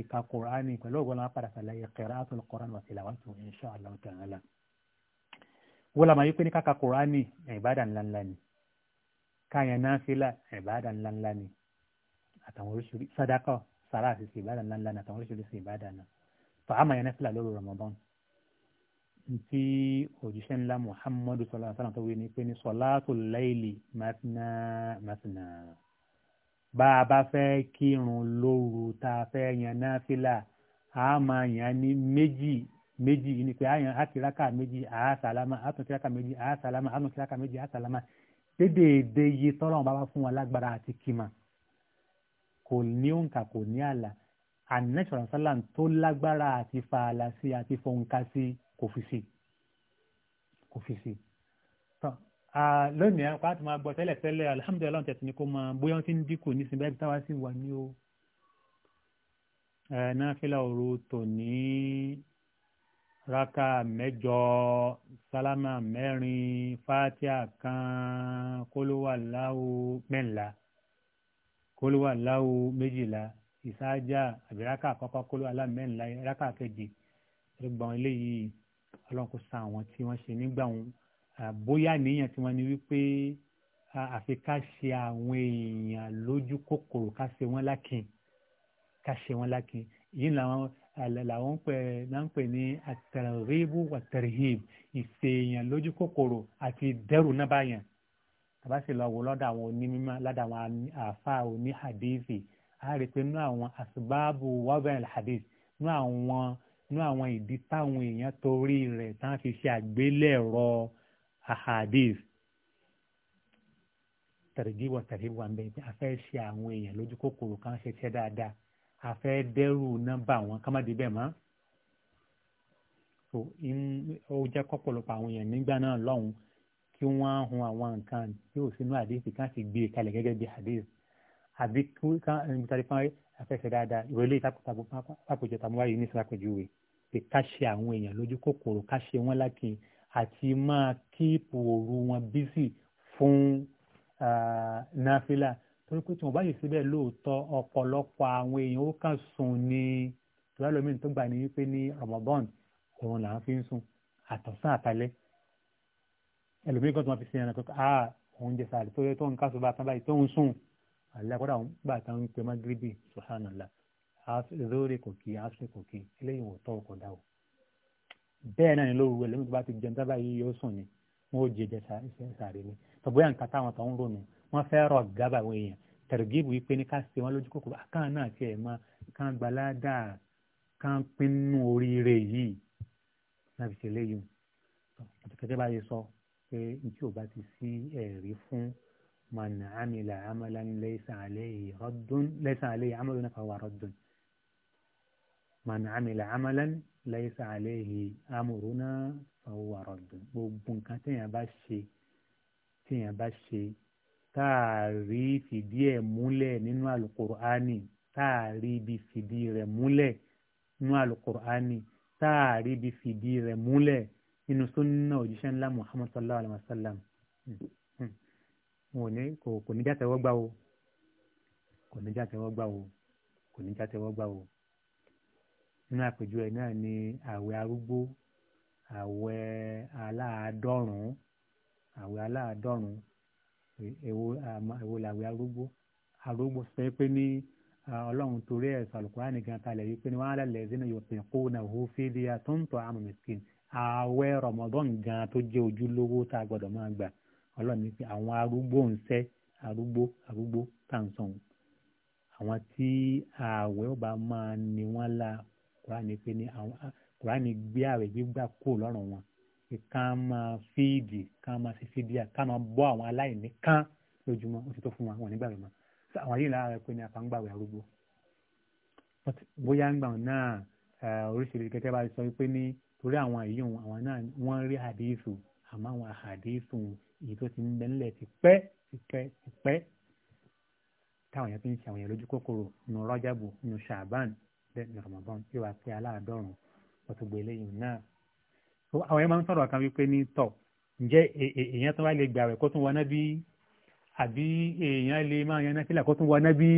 ìka kùránì pẹ̀lú ọ̀gbọ́n àwọn padà sàlàyé qira'atul Qur'an wa tilawatuhu insha Allah ta'ala. gbogbo alamọ yìí pé ní káka kùránì ìbádà ńláńlá ni káyàn náà fílà ìbáàdà ńláńlá ni àtàwọn oríṣiríṣi sadaka sàrà àti ìbáàdà ńláńlá ni àtàwọn oríṣiríṣi ìbáàdà náà tó àmà yẹn náà fílà lóru Ramadan ntí òjíṣẹ́ ńlá Muhammadu sallallahu alaihi wasallam tó wí ni pé ní sọláàtù láìlì màtínà màtínà bá a bá fẹ́ kírun lóru tá a fẹ́ yẹn náà fílà àmà yẹn ní méjì méjì ni pé àyàn àti rákà méjì àá sàlámà àtúntì rákà méjì àá sàlámà àtúntì rákà méjì àá dédéédé iye tọ́lọ́run bá wá fún wọn lágbára àti kìmà kò ní òǹkà kò ní àlà ànínàṣọ̀rọ̀ sálàm tó lágbára àti fààlà sí àti fọ̀ǹkà sí kò fi sí kò fi sí. lónìí apá àti máa gbọ́ tẹ́lẹ̀ tẹ́lẹ̀ tẹ̀sí ni kò mọ bóyá wọ́n ti ń dínkù nísìnyí bẹ́ẹ̀ bí táwa sì wà ní o. náà fílà òru tòní raka mẹ́jọ salama mẹ́rin fatia kan kólówàláwo mẹ́ńlá kólówàláwo méjìlá ìsájà àbí raka àkọ́kọ́ kólówàláwo mẹ́ńlá raka kejì ẹgbọn eléyìí ọlọ́run kò sa àwọn tí wọ́n ṣe nígbà wọn bóyá níyàn tí wọ́n ní wípé àfi ká ṣe àwọn èèyàn lójú kòkòrò ká ṣe wọ́n lákin ká ṣe wọ́n lákin yìí làwọn làwọn pẹ náà ń pè ní àtẹrẹbù àtẹrẹhìm ìsèèyàn lójú kòkòrò àti dẹrù náà báyàn tàbá sì lọ wò lọ́dọ̀ àwọn onímọ̀ lọ́dọ̀ àwọn àfa oní hadithi a rí i pé nú àwọn asubáàbù wabẹ́ẹ̀l hadith nú àwọn nú àwọn ìdí táwọn èèyàn torí rẹ̀ tán fi ṣe àgbélẹ̀rọ ahadith tẹ̀rẹ̀gí wọ̀ tẹ̀rẹ̀gí wà ń a fẹ́ ṣe àwọn èèyàn lójú kòkòrò kan ṣe ṣe dáadáa afẹ́ dẹ́rù nọ́mbà wọn ká má ma, bẹ́ẹ̀ mọ́ so ó jẹ́ kọ́pọ̀lọpọ̀ àwọn èèyàn nígbà náà lọ́hùn kí wọ́n á hun àwọn nǹkan tí ò sínú àdéhùn kan sì gbé e kalẹ̀ gẹ́gẹ́ bí àdéhùn àbí kí kan ẹni tàbí kan afẹ́fẹ́ dáadáa ìwé ilé ìtàkùtàkù pápákọ̀jọ tàbí wáyé ní sàpèjúwe pé ká ṣe àwọn èèyàn lójú kòkòrò ká ṣe wọ́n lákin àti máa kíìpù òru wọn bísì fún ah, náfìlà torí pé tí wọ́n bá yìí síbẹ̀ lóòótọ́ ọ̀pọ̀lọpọ̀ àwọn èèyàn ó kàn sùn ní ìwà lómi tó gbà ní wípé ní Ramadan òun là ń fi ń sùn àtọ̀sán àtàlẹ́ ẹlòmíì kan tó máa fi sin ẹran pé ah òun jẹ sàlẹ̀ tó yẹ tó ń kásùn bá àtàbáyé tó ń sùn àlẹ́kọ́dà gbà tá ń pe magrebi subhanallah lórí kò kí asiri eléyìí wò tọ́ ọkọ̀ dá o bẹ́ẹ̀ náà ni lóru ẹlòmíì tó bá ti jẹun tábàyé yóò sùn ni wọ́n ó jẹ jẹ sàárè ni tọ́gbọ́yà ń kata àwọn tó ń ronú wọ́n fẹ́ rọ̀ gábà àwọn èèyàn tẹ̀rẹ̀gìbù yìí pé ní ká ṣe wọ́n lójú kòkòrò àkàn náà tiẹ̀ mọ́ kán gbalada kán pinnu oríire yìí láti ṣe léyìn àtẹ̀kẹ́tẹ́ bá yẹ sọ pé n tí ò bá ti sí ẹ̀rí fún man amila amalan laysa alayhi raddun laysa alayhi amaluna fahuwa raddun man amila amalan laysa alayhi amruna fahuwa raddun gbogbo nǹkan téèyàn bá ṣe téèyàn bá ṣe tá a rí fìdí ẹ̀ múlẹ̀ nínú alukur'ani tá a rí ibi fìdí rẹ̀ múlẹ̀ nínú alukur'ani tá a rí ibi fìdí rẹ̀ múlẹ̀ nínú sunna òjíṣẹ́ ńlá muhammad sallallahu alayhi wa sallam wọn ò ní kò kò ní jàtẹ́wọ́ gbà o kò ní jàtẹ́wọ́ gbà o kò ní jàtẹ́wọ́ gbà o nínú àpèjúwe náà ni àwẹ̀ arúgbó àwẹ̀ aláàádọ́rùn-ún àwẹ̀ èwo èwo làwẹ̀ arúgbó arúgbó sọ pé ní ọlọ́run torí ẹ̀ sàlùkùrá nìkan kalẹ̀ yìí pé ní wọ́n á lẹ̀ sínú yòókùn kó na hó fídí àtúntò àmọ̀ mẹ́sìkìn ààwẹ̀ rọmọdún gan tó jẹ́ ojúlówó tá a gbọ́dọ̀ máa gbà ọlọ́run ní pé àwọn arúgbó ń sẹ́ arúgbó arúgbó tàǹsán àwọn tí ààwẹ̀ ó bá máa ní wọ́n la kùrá ní pé ní àwọn kùrá ní gbé ààwẹ̀ gbígbà kó lọ́rùn wọn pé ká máa fíìdì ká máa ṣe fídíà ká máa bọ́ àwọn aláìní kán lójúmọ́ ó ti tó fún wa wọn nígbàgbọ́ mọ́ àwọn yìí lára rẹ pé ní afáǹgbàwẹ̀ arúgbó bóyá ń gbà náà eh, oríṣiríṣi kẹ́kẹ́ bá sọ pé ní torí àwọn èyí àwọn náà wọ́n rí àdéhùn àmọ́ àwọn àdéhùn èyí tó ti ń bẹ nílẹ̀ ti pẹ́ ti pẹ́ ti pẹ́ táwọn èèyàn fi ń ṣe àwọn èèyàn lójú kòkòrò nù rọ́jàbù nù ṣàbán bẹ́ẹ̀ ni àwọn yẹn máa ń sọ̀rọ̀ kan wípé ní tọ̀ ǹjẹ́ e, e, èèyàn tó wá lè gbà rẹ̀ kó tún wọná bí àbí èèyàn lè máa yan náfìlà kó tún wọná bí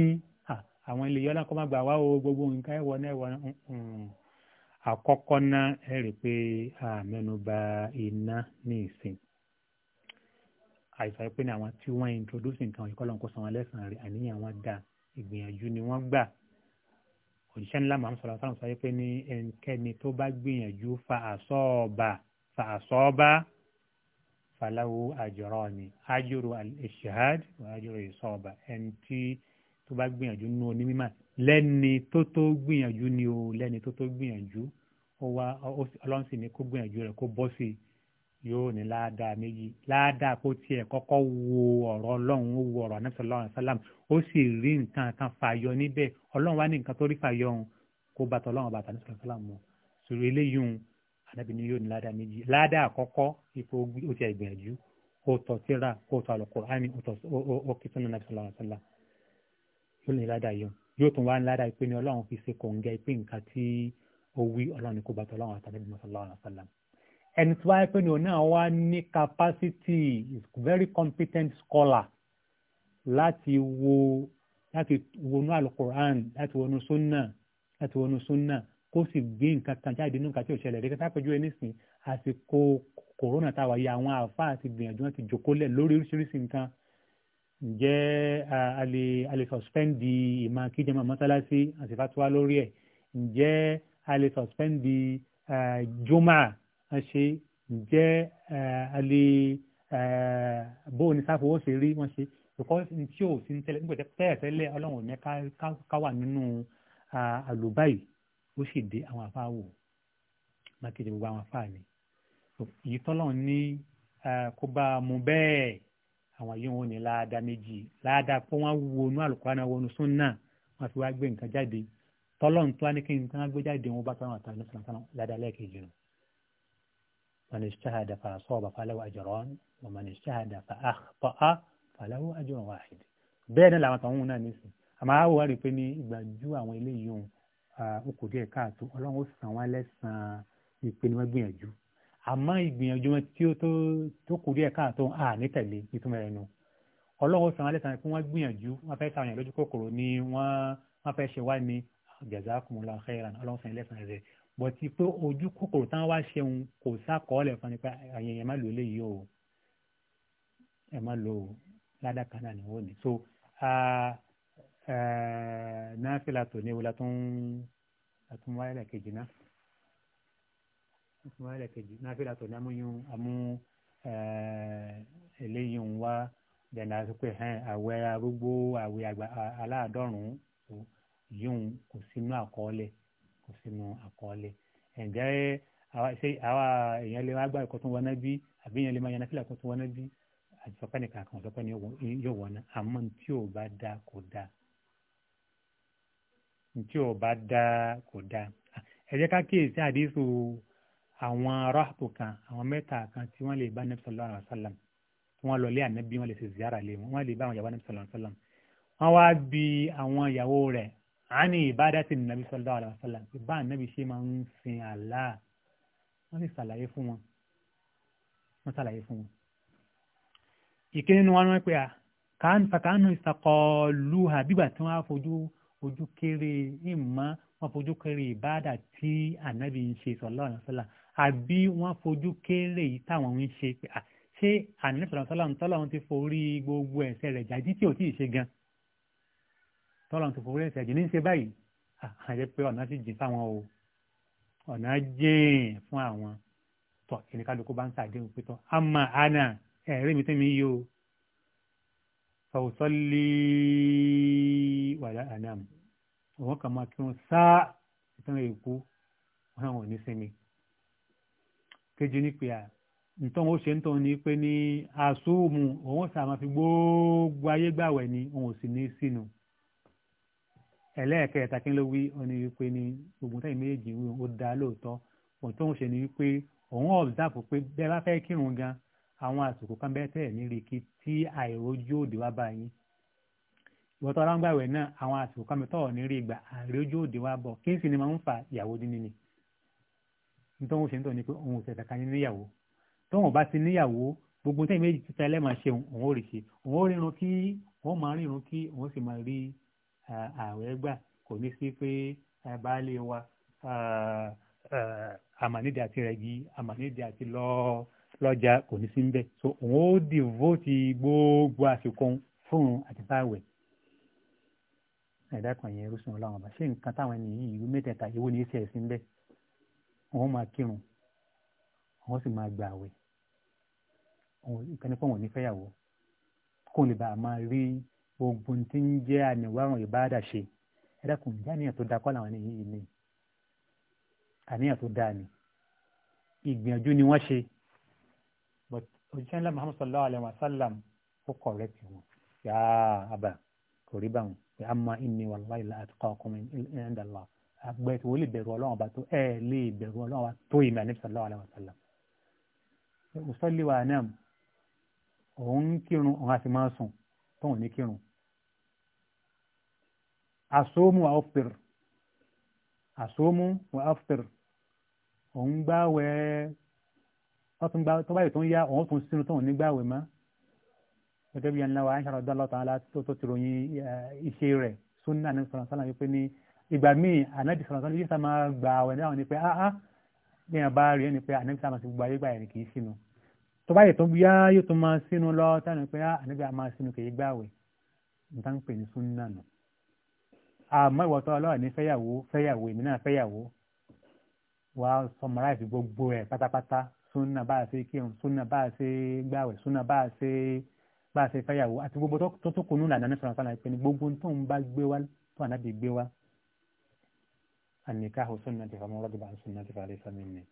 àwọn ilé yọlá kó má gbà wá o gbogbo nǹkan ẹ̀wọ̀ náà ẹ̀wọ̀ àkọ́kọ́ náà ẹ rí i pé àmẹ́nuba iná ní ìsìn àìsàn pé ní àwọn tí wọ́n introduce nǹkan ìkọlọ́nkó sanwó lẹ́sàn-án rẹ̀ àníyàn wọn dá ìgbìyànjú ni wọ́n gbà òjíṣẹ́ ńlá màá sọ̀rọ̀ sáwọn sọ pé ní ẹnikẹ́ni tó bá gbìyànjú fa àsọ́ọ̀bà fa àsọ́ọ̀bà faláwo àjọrọ̀ ni àjòrò al-ishihad wà àjòrò ìsọ̀ọ̀bà ẹni tí tó bá gbìyànjú nú onímọ̀ lẹ́ni tó tó gbìyànjú ni o lẹ́ni tó tó gbìyànjú ọlọ́run sì ní kó gbìyànjú rẹ̀ kó bọ́ sí i yóò ní láàdáa méjì láàdáa kó tiẹ̀ kọ́kọ́ wo ọ̀rọ̀ ọlọ́run ó wo ọ̀rọ̀ anábì sallallahu alaihi wasallam ó sì rí nǹkan kan fàyọ níbẹ̀ ọlọ́run wá ní nǹkan tó rí fàyọ òun kó bàtà ọlọ́run bàtà anábì sallallahu alaihi wasallam mu sòrò eléyìí òun anábì ni yóò ní láàdáa méjì láàdáa àkọ́kọ́ ipò ó ti ẹ̀gbìyànjú ó tọ̀ tíra ó tọ̀ Al-Qur'ani ó kí sínú anábì sallallahu alaihi wasallam yóò ní láàdáa yọ yóò tún wá ní láàdáa pé ni ọlọ́run fi ṣe kòǹgẹ́ pé nǹkan tí ó wí ọlọ́run ẹni tí wáyé pé ní òun náà wá ní capacity is very competent scholar láti wo láti wọnú alukoran láti wọnú sunna láti wọnú sunna kó sì gbé nǹkan kan jáde nínú nǹkan tí ò ṣẹlẹ̀ rí kátà pẹ̀jú ẹni sìn àsìkò kòrónà táwa yìí àwọn àáfàá àti gbìyànjú wọn ti jókòó lẹ̀ lórí oríṣiríṣi nǹkan ǹjẹ́ alẹ́ alẹ́ sọ̀spẹ́ndì ìmọ̀ kíjọba mọ́sálásí àti fatuwa lórí ẹ̀ ǹjẹ́ suspend sọ̀spẹ́ndì jùmọ̀ ṣe jẹ́ eh, alẹ́ eh, bóun ni sáfù ó ṣe rí wọ́n ṣe because ní tí ò sí tẹ́lẹ̀ nígbà tẹ́lẹ̀ tẹ́lẹ̀ ọlọ́run ní ká wà nínú àlùbáyì ó sì dé àwọn afá wò mákèjì gbogbo àwọn afá ni èyí tọ́lọ́run ní kó bá a mú bẹ́ẹ̀ àwọn yìí wọn ò ní láàdá méjì láàdá pé wọ́n wọnú àlùkùránì wọnú súnà wọ́n fi wá gbé nǹkan jáde tọ́lọ́run tó wá ní kí nǹkan gbé jáde wọn bá tọ́lọ́run àtàlẹ́ من اجتهد فأصاب فله أجران ومن اجتهد فأخطأ فله أجر واحد bẹ́ẹ̀ náà làwọn tàwọn náà ní sùn àmọ́ àwọn wà rí i pé ní ìgbàjú àwọn eléyìí òun ó kò díẹ̀ káàtó ọlọ́run ó san wọ́n lẹ́sàn-án ìpè ni wọ́n gbìyànjú àmọ́ ìgbìyànjú wọn tí ó tó kò díẹ̀ káàtó à ní tẹ̀lé ìtumọ̀ rẹ̀ nu ọlọ́run ó san wọ́n lẹ́sàn-án pé wọ́n gbìyànjú wọ́n fẹ́ sàwọn èèyàn lójú kòkòrò ni wọ́n fẹ́ ṣe wá ní jazakumullahu khairan ọlọ́run san lẹ́sàn-án rẹ̀ bọ̀tí pé ojú kòkòrò táwọn wá ṣeun kò sákọọ́lẹ̀ fún nípa àyè ẹ̀ má lò lè yìí o ẹ̀ má lò ó ládàkà ni wọ́n ní. so náà fìlà tó ní wọlé àtún wáyé lẹ́ẹ̀kejì náà àtún wáyé lẹ́ẹ̀kejì náà fìlà tó ní amúyún amú eléyìí ń wá dẹ̀nà pé àwẹ̀ arúgbó àwẹ̀ aláàdọ́rùn-ún yìí kò sínú àkọọ́lẹ̀ kò sínú àkọọ́lẹ̀ ẹ̀ǹjẹ́ ṣé àwa èèyàn lè má gbà kó tún wọná bí àbí èèyàn lè má yẹn náfìlà kó tún wọná bí àtìsọ́pẹ́ nìkan kan ọ̀sọ́pẹ́ ni yóò wọná àmọ́ tí ò bá dá kò dá tí ò bá dá kò dá ẹ jẹ́ ká kíyèsí àdísù àwọn ráàpù kan àwọn mẹ́ta kan tí wọ́n lè bá nẹ́bí sọ̀lọ́ àwọn sálàm tí wọ́n lọ lé ànábì wọ́n lè ṣe ziyara lé wọn wọ́n lè bá àwọn ìyàwó nẹ́bí àwọn sálàm wọ́n wá bi àwọn ìyàwó rẹ̀ àní ìbádàtì nàbí sallallahu alaihi wasallam ìbá nàbí ṣe máa ń sin Allah wọ́n sì ṣàlàyé fún wọn wọ́n ṣàlàyé fún wọn. ìkíni ni wọ́n rán pé fàkàánù ìsàkọlùhà bígbà tí wọ́n á fojú ojú kéré ìmọ̀ wọ́n fojú kéré ìbádà tí ànábì ń ṣe sallallahu alaihi wasallam àbí wọ́n fojú kéré yìí táwọn ń ṣe pé ṣé ànábì sallallahu alaihi wasallam ń tọ́lọ́run ti forí gbogbo ẹ̀ṣẹ̀ rẹ̀ jáde tí ò tíì ṣe gan-an tọ́lọ̀ ti forí ẹ̀sẹ̀ jì ní ṣe báyìí àyẹ pé ọ̀nà sì jìn fáwọn o ọ̀nà jìn fún àwọn tọ̀ ẹni kálukú bá ń sàdéhùn pé tọ́ àmà àna ẹ̀rí mi tẹ́mi yí o fàwùsọ́lì wàlá ànàm òun kàn máa kí wọ́n sá ìtàn èkó wọn àwọn òní sinmi kejì ní pé à ntọ́ wọn ó ṣe ń ni pé ní àsùnmù òun sàmà fi gbogbo ayé gbàwẹ̀ ni òun ò sì ní sínú. Si ẹlẹ́ẹ̀kẹta kí ló wí ọ ni wípé ni ogun táyì méjèèjì wí ó da lóòótọ́ òun tó ń ṣe ni wípé òun ọ̀bùdàpò pé bẹ́ẹ̀ bá fẹ́ kírun gan àwọn àsìkò kan bẹ́ẹ̀ tẹ̀ ní rìkì tí àìrójú òde wá bá yín ìwọ́tọ́ aláǹgbàwẹ̀ náà àwọn àsìkò kan bẹ́ẹ̀ tọ̀ ní rí ìgbà àìrójú òde wá bọ̀ kí n sì ni máa ń fa ìyàwó dín nínú nítorí òun ṣe ń tọ̀ ni pé òun ò ṣẹ̀ṣẹ̀ kan níyàwó tóun bá ti níyàwó gbogbo tẹ́yìn méjì títa ààwẹ̀ gbà kò ní sí pé baálé wa àmànídìí àti rẹ̀gí àmànídìí àti lọ́jà kò ní sí níbẹ̀ so òun ó dìvóòtì gbogbo àsìkò fún àti báwẹ̀ ẹ̀dá kan yẹn rúṣun ọlọ́run ọba ṣé nǹkan táwọn ẹni yìí ìlú mẹ́tẹ̀ẹ̀ta ìwọ ní í ṣe ẹ̀sìn bẹ́ẹ̀ wọ́n máa kírun wọ́n sì máa gbà àwẹ̀ ìkànnì pọ̀ wọ́n ní fẹ́yàwó kó lè bàa máa rí gbogbo tí ń jẹ́ àníwárùn ìbáàdà ṣe ẹ dákun jẹ́ àníyàn tó dáa kọ́ làwọn ènìyàn ni àníyàn tó dáa ni ìgbìyànjú ni wọ́n ṣe but òjíṣẹ́ ńlá muhammad sallallahu alayhi wa sallam ó correct wọn ya àbá kò rí báwọn pé amma inni wallahi la atqakum inda Allah àgbẹ̀tì wọ́n lè bẹ̀rù ọlọ́run ọba tó ẹ̀ lè bẹ̀rù ọlọ́run ọba tó ìmọ̀ àníbi sallallahu alayhi wa sallam usalli wa anam òun kírun òun àti máa sùn tóun ní kírun asómù wa aftir asómù wa after, òun gbààwẹ̀ ọtún gbà tó báyìí tó ń yá òun tún sínú tóun ní gbààwẹ̀ mọ́ gẹ́gẹ́ bí ẹnlá wa Aisha radiyallahu ta'ala tó tó ti ròyìn iṣẹ́ eh, rẹ̀ sunna ní sọ̀rọ̀ sọ́nà wípé ní ìgbà míì ànábì sọ̀rọ̀ sọ́nà yíṣà máa gbà àwẹ̀ náà ni pé áá ah, ah, bí wọn bá rí ẹni pé ànábì sọ̀rọ̀ sọ́nà gbà yígbà yẹn kì í sínú tó báyìí tó yá yóò tún máa sínú lọ ah, sunna nù àmọ́ ìwọ tó ọlọ́run ní fẹ́yàwó fẹ́yàwó èmi náà fẹ́yàwó wàá summarize gbogbo ẹ̀ pátápátá súnà bá a ṣe kírun súnà bá a ṣe gbàwẹ̀ súnà bá a ṣe bá a ṣe fẹ́yàwó àti gbogbo tó tó kùnú lànà ní sọ̀rọ̀ sọ̀rọ̀ ìpinnu gbogbo tó ń bá gbé wá tó ànábì gbé wá. àníkà òsùn náà ti fà mọ́ rọ́dùbà òsùn náà ti fà lè sọ́mi ni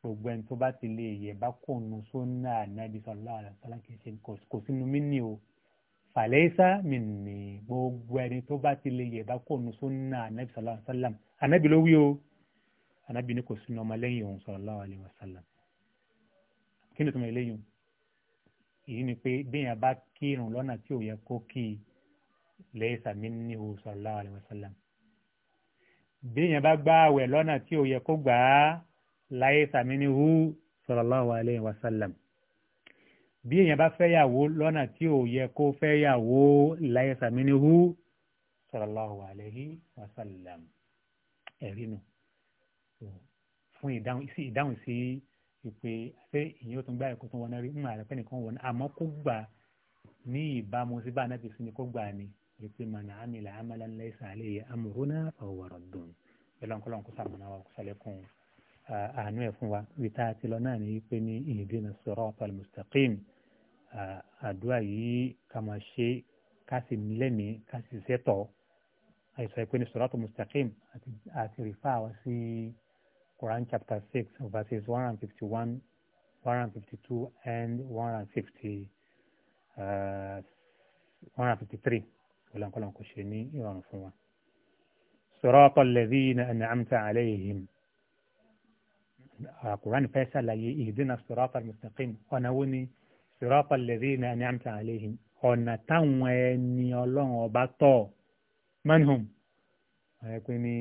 gbogbo ẹni tó bá ti lè yẹ bá kóònù súnà ànábì sọ̀rọ̀ sọ̀rọ̀ fàlẹ́sà mi nì gbogbo ẹni tó bá ti lè yẹ̀bá kó nu sunna anabi sallallahu alayhi wa sallam anabi ló wí o anabi ni kò sunu ọmọlẹ́yìn òun sallallahu alayhi wa sallam kí ni tó máa lẹ́yìn o èyí ni pé bíyàn bá kírun lọ́nà tí ò yẹ kó kí lẹ́sà mi ní o sallallahu alayhi wa sallam bíyàn bá gbá àwẹ̀ lọ́nà tí ò yẹ kó gbà á láyé sàmínú sallallahu alayhi wa sallam bí èèyàn bá fẹ́ yàwó lọ́nà tí ò yẹ kó fẹ́ yàwó láyẹ̀sà mi ni hu sallallahu alayhi wa sallam ẹ̀rí nu fún ìdáhùn sí ìpè àfẹ́ ìyẹn ó tún gbá ẹ̀kọ́ tó wọn rí ń àrẹ́pẹ́ nìkan wọn àmọ́ kó gbà ní ìbámu sí bá anábì sí ni kó gbà ní ìpè man amila amalan laysa alayhi amruna fahuwa raddun bẹ́ẹ̀ lọ́nkọ́lọ́n kó sàmùnà wa kó sàlẹ̀kùn àánú ẹ̀ fún wa wíta àti lọ náà ní ìpè ní ihdina siratal mustaqim àdúrà yìí ká máa ṣe ká sì lẹ́mìí ká sì sẹ́tọ̀ àìsàn ìpè ní sọ̀rọ̀tò mustaqim àti rìfà wá sí Quran chapter six verses one hundred fifty one one hundred fifty two and one hundred fifty one hundred fifty three kọlọ́nkọlọ́n kò ṣe ní ìrọ̀rùn fún wa. صراط الذين أنعمت عليهم Quran fẹ́ sàlàyé ihdina sirata al ọ̀nà wo ni sirata alladhina an'amta alayhim ọ̀nà táwọn ẹni ọlọ́run ọba tọ̀ manhum ẹ̀pẹ́ ni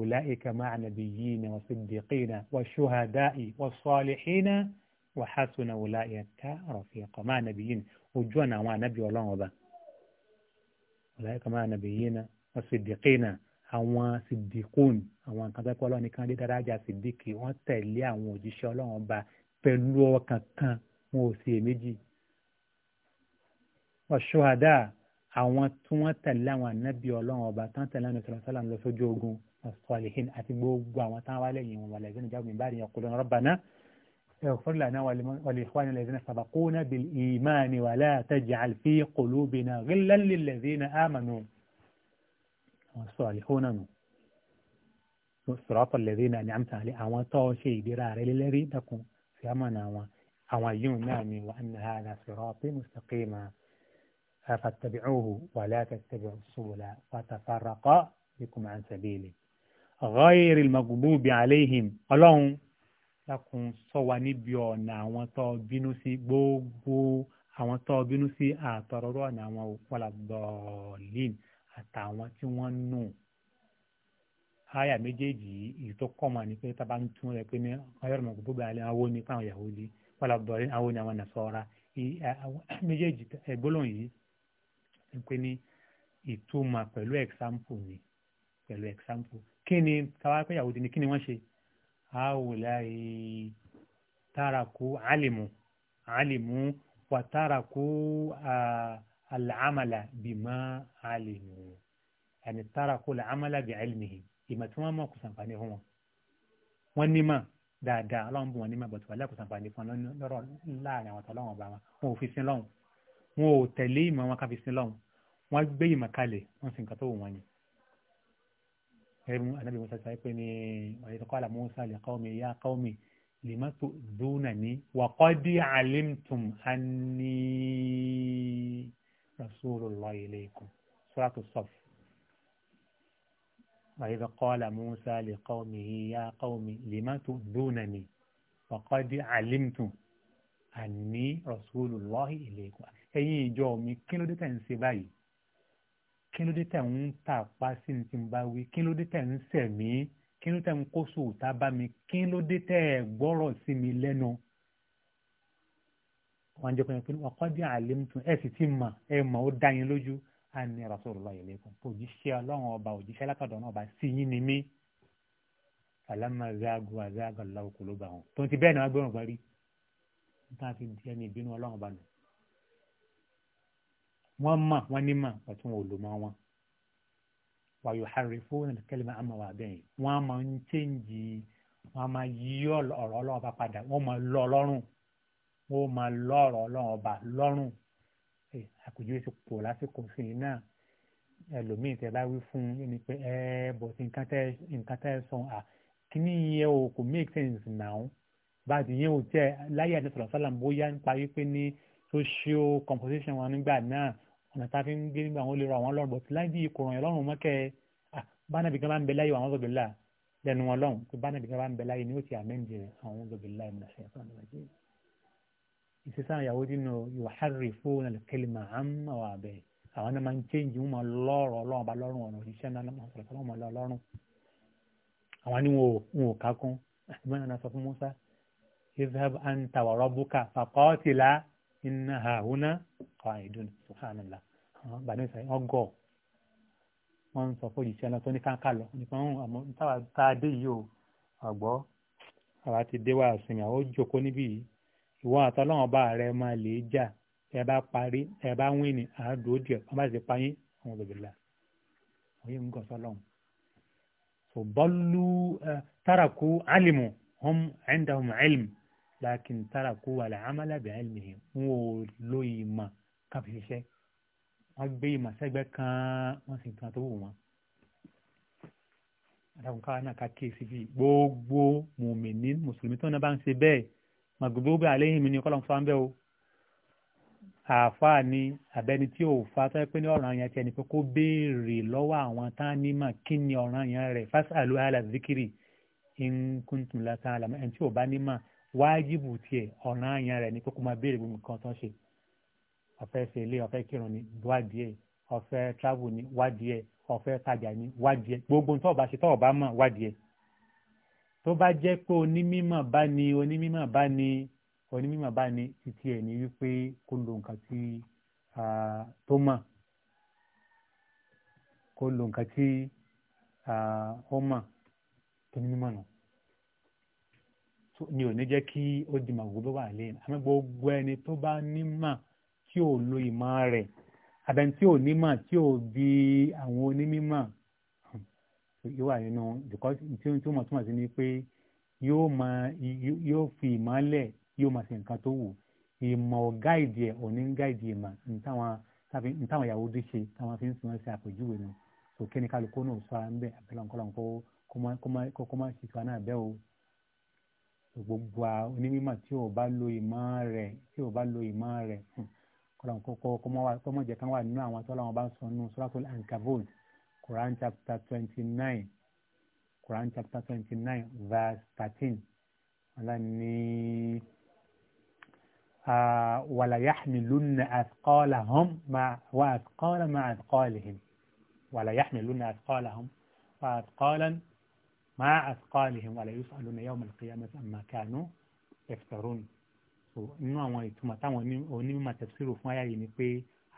ulaika ma'a nabiyyina wa siddiqina wa shuhada'i wa salihina wa hasuna ulaika rafiqa ma'a nabiyyina ojú ọ̀nà àwọn ànábì ọlọ́run ọba ulaika ma'a nabiyyina wa siddiqina àwọn siddiqun àwọn nǹkan tẹ́kọ̀ọ́ ọlọ́run nìkan dé dáadáa jà siddiqi wọ́n tẹ̀lé àwọn òjíṣẹ́ ọlọ́run ọba pẹ̀lú ọkàn kan wọn ò sí èméjì ọ̀ṣọ́hádà àwọn tí wọ́n tẹ̀lé àwọn ànábì ọlọ́run ọba tán tẹ̀lé àwọn ìṣòro sálàmù lọ sójú ogun ọ̀sọ̀lẹ̀hìn àti gbogbo àwọn táwọn wá lẹ́yìn wọn wàlẹ̀ ìṣẹ́ni jágbe bá rìn ọ̀kọ́lọ́ rabbana ighfir lana wa li ikhwanina alladhina sabaquna bil imani wa la taj'al fi qulubina ghillan lil ladhina amanu ọ̀sọ̀lẹ̀hìn nù sirata alladhina an'amta àwọn tó ṣe ìdíra rẹ̀ lẹ́rí dákun fi àmàna wọn àwọn yìí náà ni wà ní hàdà sirati mustaqima fattabi'uhu wa la tattabi'u subula fatafarraqa bikum an sabili ghayril maghdubi alayhim ọlọ́run lákun sọ wa níbi ọ̀nà àwọn tó bínú sí gbogbo àwọn tó bínú sí àtọ̀rọ̀rọ̀ ọ̀nà àwọn òpólà bọ̀ọ̀lìn àtàwọn tí wọ́n nù. àyà méjèèjì yìí tó kọ́ mọ́ ni pé tábà ń tún rẹ̀ pé ní ọyọ́rọ̀ mọ̀gbọ́gbọ́ àlẹ́ àwọn ní fáwọn Yahudi wàlá bọ̀rí àwọn ni àwọn nàṣọ́ra méjèèjì gbólóhùn yìí ń pè ní ìtumọ̀ pẹ̀lú example ni pẹ̀lú example kí ni táwa pé Yahudi ni kí ni wọ́n ṣe àwòláyé tààràkú alimu alimu wà tààràkú alàmàlà bìmọ̀ alimu ẹni tààràkú alàmàlà bìmọ̀ alimu ìmọ̀ tí wọ́n mọ̀ kò sàǹfààní fún wọn wọ́n ní mọ̀ dáadáa ọlọ́run bù wọn ní mẹ́bọ̀tì wà lẹ́kọ̀ọ́ sàǹfààní fún wọn lọ́rọ̀ láàrin àwọn tọ́lọ́run ọba wọn wọn ò fi sin lọ́hùn wọn ò tẹ̀lé ìmọ̀ wọn ká fi sin lọ́hùn wọn gbé ìmọ̀ kalẹ̀ wọn sì nǹkan tó wù wọn ni. ẹrú anábì musa sáré pé ní ọ̀yẹ́ tó qala musa li qaumi ya qaumi lima tu'dunani wa qad alimtum anni rasulullah ilaykum suratu saff وإذا قال موسى لقومه يا قوم لما تؤذونني وقد علمت أني رسول الله إليكم ẹ̀yin ìjọ mi kí ló dé tẹ̀ ń ṣe báyìí kí ló dé tẹ̀ ń tàpá sí ní ti ń bá wí kí ló dé tẹ̀ ń ṣẹ̀ mí kí ló tẹ̀ ń kó sòótá bá mi kí ló dé tẹ̀ gbọ́rọ̀ sí mi lẹ́nu. wọ́n á jẹ́ pé wọ́n kọ́ dé àlémùtún ẹ̀ sì ti mà ẹ̀ mà ó dá yín lójú àní rasulullah ilaykum òjíṣẹ́ ọlọ́run ọba òjíṣẹ́ látọ̀dọ̀ náà ọba sí yín ni mí falama zaagu azaaga Allahu qulubahum tó ti bẹ́ẹ̀ ni wọ́n gbọ́n gbárí níta fi di ẹni ìbínú ọlọ́run ọba nù wọ́n mà wọ́n ní mà ọ̀tún wọn ò lò mọ́ wọn wa yuharrifuna al-kalima an mawadi'ihi wọ́n á máa ń chẹ́ǹjì wọ́n á máa yí ọ̀rọ̀ ọlọ́run ọba padà wọ́n máa lọ ọlọ́run wọ́n máa lọ ọ̀rọ̀ ọlọ́run ọba lọ́rùn àpèjúwe ti pọ̀ lásìkò sí i náà ẹlòmíì tẹ bá wí fún ẹni pé ẹ bọ̀ sí nǹkan tẹ nǹkan tẹ sọ à kíní yẹn o kò make sense now báàdì yẹn ò tẹ láyé àti sọ̀rọ̀ sálàm bóyá ń parí pé ní social composition wọn nígbà náà ọ̀nà tá a fi ń gbé nígbà wọn lè ra àwọn lọ́rùn bọ̀ láì bí ikọ̀ ràn yẹn lọ́rùn mọ́kẹ́ bánà bìkan bá ń bẹ láyé àwọn ọ̀dọ̀ bẹ̀lá lẹ́nu wọn lọ́rùn pé bánà bìkan bá ń bẹ láyé ni ó ti àmẹ́ǹdì rẹ̀ àwọn ọ̀dọ̀ bẹ̀lá ìmọ̀ṣẹ́ fún àwọn ọ̀dọ̀ bẹ̀lá ìṣẹ́sá àwọn Yahudi nù yuharrifuna al-kalima an mawadi'i àwọn náà máa ń chẹ́ǹjì wọn máa lọ́rọ̀ ọlọ́run bá lọ́rùn ọ̀nà òṣìṣẹ́ náà máa sọ̀rọ̀ sọ́lọ́run máa lọ lọ́rùn àwọn ni wọn ò kákún àtìmọ́ náà sọ fún Musa izhab anta wa rabbuka faqatila inna hahuna qa'idun subhanallah àwọn bàdé sọ ọgọ́ wọn sọ fún òṣìṣẹ́ náà tó ní káńká lọ nípa ń àmọ́ táwa tá a dé yìí o àgbọ́ àwa ti dé wá ìwọ àtọ́lọ́wọ́n bá rẹ máa lè jà tẹ bá parí tẹ bá wín ní àádùn díẹ̀ wọ́n bá sì payín àwọn òbẹ̀bẹ̀là òye ń gọ̀ọ́sọ́ lọ́hùn. so bọ́lú tàràkù alimu hum indahum ilm lakin tàràkù wàlẹ̀ amala bi ilmihim wọn ò lo ìmọ̀ káfí ṣiṣẹ́ wọ́n gbé ìmọ̀ sẹ́gbẹ́ kan wọ́n sì kan tó wù wọ́n. àtàkùn náà ká kéèsì bíi gbogbo mùmìnì mùsùlùmí tó náà bá ń ṣe bẹ́ẹ̀ màgòdóbè àléyìn mi ni kọ́lọ̀ ń fa ń bẹ́ o àáfàá ni àbẹ́ni tí ò fa fẹ́ pé ní ọ̀ràn yẹn tiẹ̀ ni pé kó béèrè lọ́wọ́ àwọn tá a ní mà kí ni ọ̀ràn yẹn rẹ̀ fásàlú àlà zikiri nkuntun lásán àlàmọ́ ẹni tí ò bá ní mà wájibù tiẹ̀ ọ̀ràn yẹn rẹ̀ ni pé kó máa béèrè gbogbo nǹkan tó ń ṣe ọ̀fẹ́ ṣe ilé kírun ni wádìí ẹ̀ ọ̀fẹ́ travel ni wádìí ẹ̀ ọ̀fẹ́ tajà ni wádìí ẹ̀ gbogbo nǹkan tó bá ṣe tó bá mọ̀ wádìí ẹ̀ tó bá jẹ́ pé onímọ̀ bá ní onímọ̀ bá ní onímọ̀ bá ní títí ẹ̀ ní wípé kó lo nǹkan tí tó mọ̀ kó lo nǹkan tí ó mọ̀ tó ní mímọ̀ nù ni ò ní jẹ́ kí ó di màgbó bó wà lẹ́yìn àmọ́ gbogbo ẹni tó bá nímọ̀ tí ò lo ìmọ̀ rẹ̀ abẹ́ni ò nímọ̀ tí ò bi àwọn onímọ̀ yóò wà nínú because tí ó mọ̀ túmọ̀ sí ni pé yóò máa yóò fi ìmọ̀lẹ̀ yóò máa ṣe nǹkan tó wù ìmọ̀ gáìdì ẹ̀ òní gáìdì ìmọ̀ ntáwọn ìyàwó dé ṣe táwọn fi ń sìn wọ́n ṣe àpèjúwe nu so kí ni kálukú náà sọ ara ń bẹ̀ àbẹ̀lẹ̀ ọ̀kọ́lọ̀ kó kó má ṣe tiwa náà bẹ́ẹ̀ o gbogbo a onímọ̀ tí o bá lo ìmọ̀ rẹ̀ tí o bá lo ìmọ̀ rẹ̀ kọ́lọ̀ kó kó kó mọ̀ jẹ́ ká wà nínú àwọn tó làwọn bá sọ nù suratul Ankabut Quran chapter 29 nine Quran chapter twenty-nine verse thirteen Allah ni ah, wala yaxmilunna asqaalahum ma wa asqaala ma asqaalihim wala yaxmilunna asqaalahum wa asqaalan ma asqaalihim wala yusaluna yawma alqiyamati amma kanu yaftarun so inú àwọn ìtumọ̀ táwọn onímọ̀ tafsiru fún ayáyé ni pé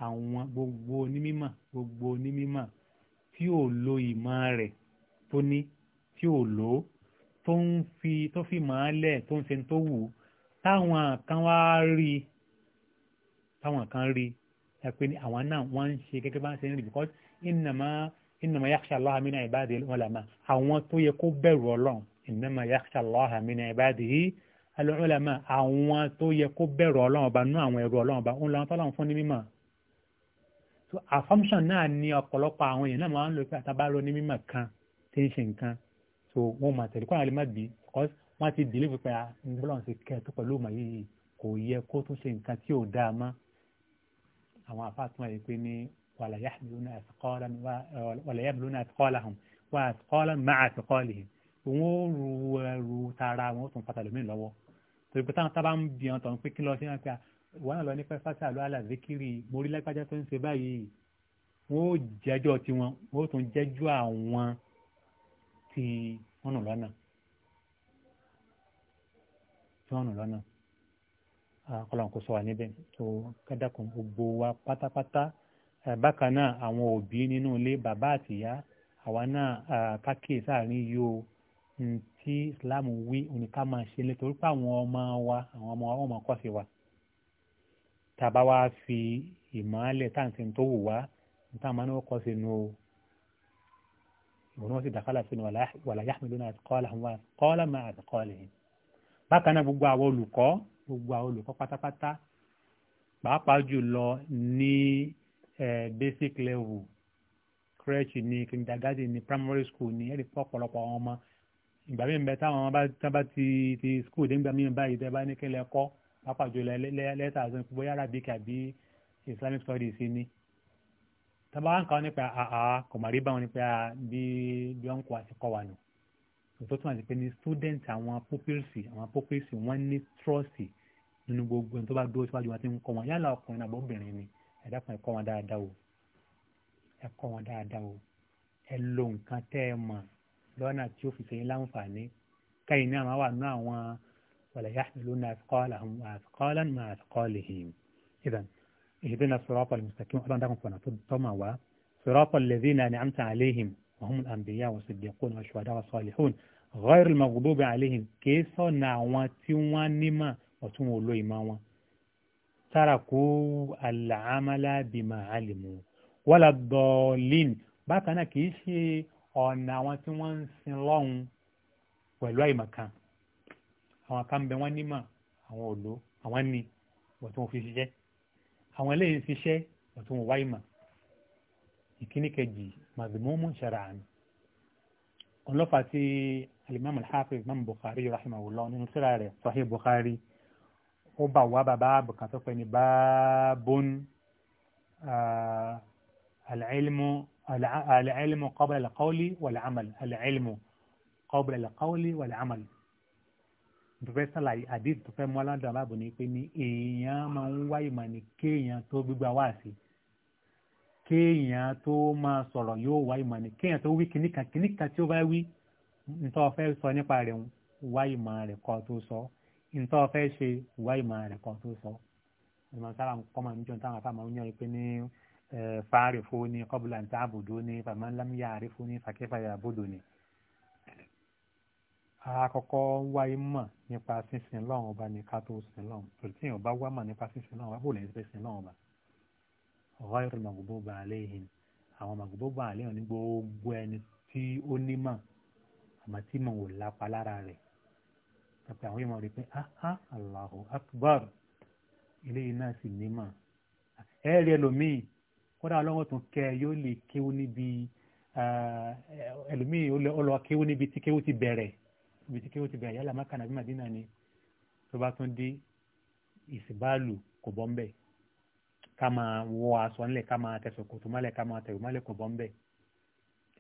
àwọn gbogbo onímọ̀ gbogbo onímọ̀ tí ò lo ìmọ̀ rẹ̀ tó ní tí ò lò ó tó ń fi tó fi màá lẹ̀ tó ń ṣe tó wù ú táwọn kan wá rí táwọn kan rí ẹ pé ní àwọn náà wọ́n ń ṣe gẹ́gẹ́ bá ń ṣe ń rí because innama innama yakhsha Allaha min ibadihil ulama àwọn tó yẹ kó bẹ̀rù ọlọ́run innama yakhsha Allaha min ibadihi al ulama àwọn tó yẹ kó bẹ̀rù ọlọ́run ọba nú àwọn ẹ̀rù ọlọ́run ọba òun làwọn tọ́lọ́run assumption náà ni ọ̀pọ̀lọpọ̀ àwọn èèyàn náà máa ń lò pé àtàbárò ní mímọ̀ kan tí ń ṣe nǹkan so wọ́n máa tẹ̀lé kọ́nà lè má bí because wọ́n ti dìlé pípẹ́ àgbọ̀lọ́n ṣe kẹ́ tó pẹ̀lú òmà yìí kò yẹ kó tún ṣe nǹkan tí ò dáa mọ́ àwọn afáàtún wáyé pé ní wala yahmiluna athqalan wala yahmiluna athqalahum wa athqalan ma'a athqalihim òun ó ru ẹrù tara àwọn ó tún pàtàkì lómi lọ́wọ́ torí pé táwọn wọn lọ nípa fásitì àlọ́ àlàzíkiri mórílágbájá tó ń ṣe báyìí wọn ó jẹ́jọ́ tiwọn wọn ó tún jẹ́jọ́ àwọn tí wọ́n nù lọ́nà tí wọ́n nù lọ́nà ọlọ́run kò sọ wà níbẹ̀ tó kẹ́dàkùn gbogbo wa pátápátá bákan náà àwọn òbí nínú ilé bàbá àtìyá àwa náà kákìí sáàrin yìí o tí Islam wí òní máa ṣe nítorí pé àwọn ọmọ wa àwọn ọmọ wa wọ́n máa kọ́ sí wa tàbá wá fi ìmọ̀ọ́lẹ̀ táǹtì tó wù wá níta máa ń kọ́ sínú o ìwọ̀n náà sì dàkálà sínú wàlá yàmìlú náà kọ́lá wọn kọ́lá máa àti kọ́lá yìí. bákan náà gbogbo àwọn olùkọ́ gbogbo àwọn olùkọ́ pátápátá pàápàá jùlọ ní basic level crèche ní kindergarten ní primary school ní ẹ̀rí pọ̀pọ̀lọpọ̀ àwọn ọmọ ìgbà míì bẹ táwọn ọmọ bá ti ti school dé ńgbà míì báyìí tẹ́ bá ní kí lẹ́kọ́ pápájọ lẹ́tà àzọ́ ìpínpọ̀ yára bí kàbí islamic studies ni tábà wá ń kàwọn nípa àà kò má rí báwọn nípa bí bí wọn kọ àti kọ wà nù tó túmọ̀ sí pé ní student àwọn pupils àwọn pupils wọ́n ní trust nínú gbogbo ẹni tó bá dúró síwájú wọn ti ń kọ́ wọn yálà ọkùnrin àbọ̀ obìnrin ni ẹ dákun ẹ kọ́ wọn dáadáa o ẹ kọ́ wọn dáadáa o ẹ lo nǹkan tẹ́ ẹ mọ̀ lọ́nà tí ó fi ṣe yín láǹfààní káyìn náà máa wà nú àwọn ولا يحملون أثقالهم وأثقالا مع أثقالهم إذا اهدنا الصراط المستقيم أيضا لهم فنطمع وصراط الذين أنعمت عليهم وهم الأنبياء والصديقون والشهداء والصالحون غير المغضوب عليهم كيف نعواتي ونما وتم ولو إماما تركوا العمل بما علموا ولا الضالين بقى أنا كيشي ونعواتي وانتي وانسي لهم مكان àwọn kan bẹ wọ́n nímọ̀ àwọn òdo àwọn ni wọ́n tó fi ṣiṣẹ́ àwọn eléyìí ṣiṣẹ́ wọ́n tó wá ìmọ̀ ìkíní kejì màdùmọ́mù ṣàràánì ọlọ́fà tí alimami alhafiz imam bukhari rahimahullah nínú tírà rẹ̀ sahih bukhari ó bá wà bàbá bùkàn tó pẹ́ ní báàbùn alẹ́lmù alẹ́lmù qabla alqawli wal amal alẹ́lmù qabla alqawli wal amal tó fẹ́ sàlàyé àdéhùn tó fẹ́ mú aládùn àbábò ni pé ní èèyàn máa ń wá ìmọ̀ ni kéèyàn tó gbígbà wá sí kéèyàn tó máa sọ̀rọ̀ yóò wá ìmọ̀ ni kéèyàn tó wí kìnnìkan kìnnìkan tí ó bá wí ntọ́ fẹ́ sọ nípa rẹ̀ wá ìmọ̀ rẹ̀ kọ́ tó sọ ntọ́ fẹ́ ṣe wá ìmọ̀ rẹ̀ kọ́ tó sọ ìmọ̀ sára kọ́ máa ń jọ táwọn afá ń yàn pé ní fáàrẹ̀ fún ni kọ́bùlà ní táàbùdó ni fàmọ́ àrífún ni fàkẹ́fà yà bódò àkọ́kọ́ wá ìmọ̀ nípa sísìn lọ́run ọba ní ká tó sìn lọ́run torí tí èèyàn bá wá mọ̀ nípa sísìn lọ́run ọba kò lè ṣe sìn lọ́run ọba ọ̀rọ̀ ìrìn màgòbóba ni àwọn màgòbóba àléhìn ní gbogbo ẹni tí ó nímọ̀ àmọ́ tí mò ń wò lára rẹ̀ àti àwọn èèyàn rí pé aha Allahu Akbar eléyìí náà sì nímọ̀ ẹ̀ẹ́rì ẹlòmíì kódà ọlọ́wọ́ tún kẹ́ yóò lè kéwú níbi ẹlòmíì ó lọ kéwú níbi tí kéwú ti bẹ̀rẹ̀ ibi tí kéwò ti bẹ̀rẹ̀ yálà mákànnà bí màdínà ni tó bá tún dé ìsìbáàlù kò bọ́ ńbẹ̀ ká máa wọ aṣọ ńlẹ̀ ká máa tẹ̀sọ̀ kòtò mọ́lẹ̀ ká máa tẹ̀wé mọ́lẹ̀ kò bọ́ ńbẹ̀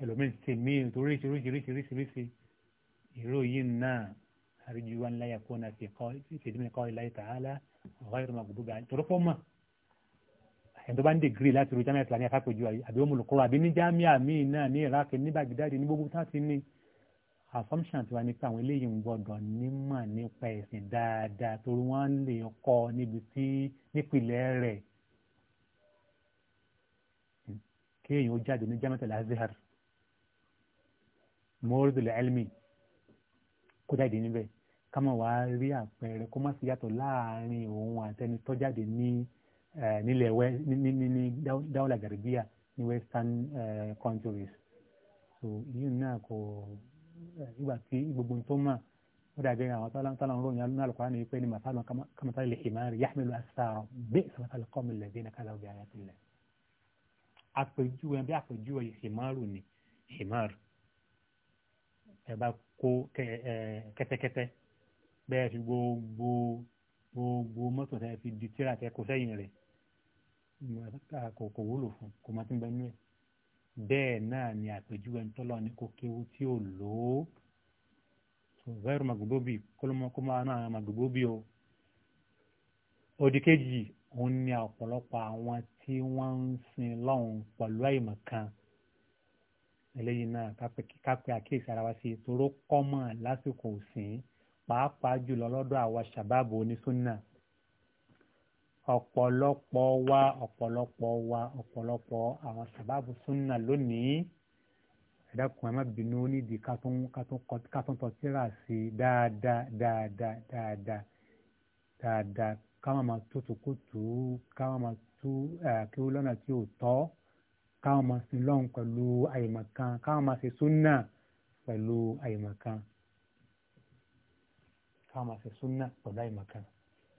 ẹlòmíín ti mí nítorí oríṣiríṣiríṣiríṣi ìró yìí náà àríjú wa ńlá yà kó na fi kọ́ ìṣèdí mi kọ́ ilá ìta àlá ọ̀rọ̀ ìrọ̀mà gbogbo àti tòró fọ́ mọ̀ ẹni tó bá ń dègírì láti ro jámẹ́ ìtìlá ní àbí ó mú lòkúrò àbí ní jámíà míì náà ní ìrákè ní bàgídádì ní gbogbo tá ti ní assumption tiwa ni pé àwọn eléyìí ń gbọ́dọ̀ nímọ̀ nípa ẹ̀sìn dáadáa torí wọ́n lè kọ́ níbi tí nípìnlẹ̀ rẹ̀ kéèyàn ó jáde ní jamiat al-azhar mọ́rìdìlẹ̀ elmi kó jáde níbẹ̀ ká má wàá rí àpẹẹrẹ kó má sì yàtọ̀ láàrin òun àtẹni tó jáde ní nílẹ̀ wẹ́ ní ní ní dáwọ́lá gàrìbíà ní western countries so yìí náà kò ìgbà eh, tí gbogbo tó mọ̀ ó dàbí àwọn tọ́lán ròyìn alúnà alùpàá ní pé ní màtàlù kàmátàlù lè ìmá rí yàmìlú àṣàrò bí ìsàmàtàlù kọ́ mi lè dé ní kálá òbí ayàtì lẹ̀. àpèjúwe bí àpèjúwe ìhìmáàrù ni ìhìmáàrù ẹ bá kó kẹ́tẹ́kẹ́tẹ́ bẹ́ẹ̀ fi gbogbo gbogbo mọ́tò tẹ́ fi di tíra tẹ́ kó sẹ́yìn rẹ̀ kò wúlò fún kò má ti ń bẹ nínú ẹ̀ bẹ́ẹ̀ náà ni àpèjúwe ńtọ́lọ́ ní kò kéwu tí ò lò ó zẹ́rù màgbóbì kó máa ná àwọn màgbóbì o òdì kejì òun ni ọ̀pọ̀lọpọ̀ àwọn tí wọ́n ń sin lọ́hùn pẹ̀lú àìmọ̀ kan eléyìí náà kápẹ́ àkíyèsí ara wa sí toró lásìkò òsìn pàápàá jùlọ lọ́dọ̀ àwa ṣàbábò onísùnnà ọ̀pọ̀lọpọ̀ wa ọ̀pọ̀lọpọ̀ wa ọ̀pọ̀lọpọ̀ àwọn sábàbù súnà lónìí ẹ̀dàkùn ẹ̀ má bínú nídìí ká tún tọ́ síra sí dáadáa dáadáa dáadáa dáadáa ká má máa tó tòkótò ká má máa tú kí ó lọ́nà tí ò tọ́ ká má máa sin lọ́hùn pẹ̀lú àyèmọ̀kan ká má máa ṣe súnà pẹ̀lú àyèmọ̀kan ká máa ṣe súnà pẹ̀lú àyèmọ̀kan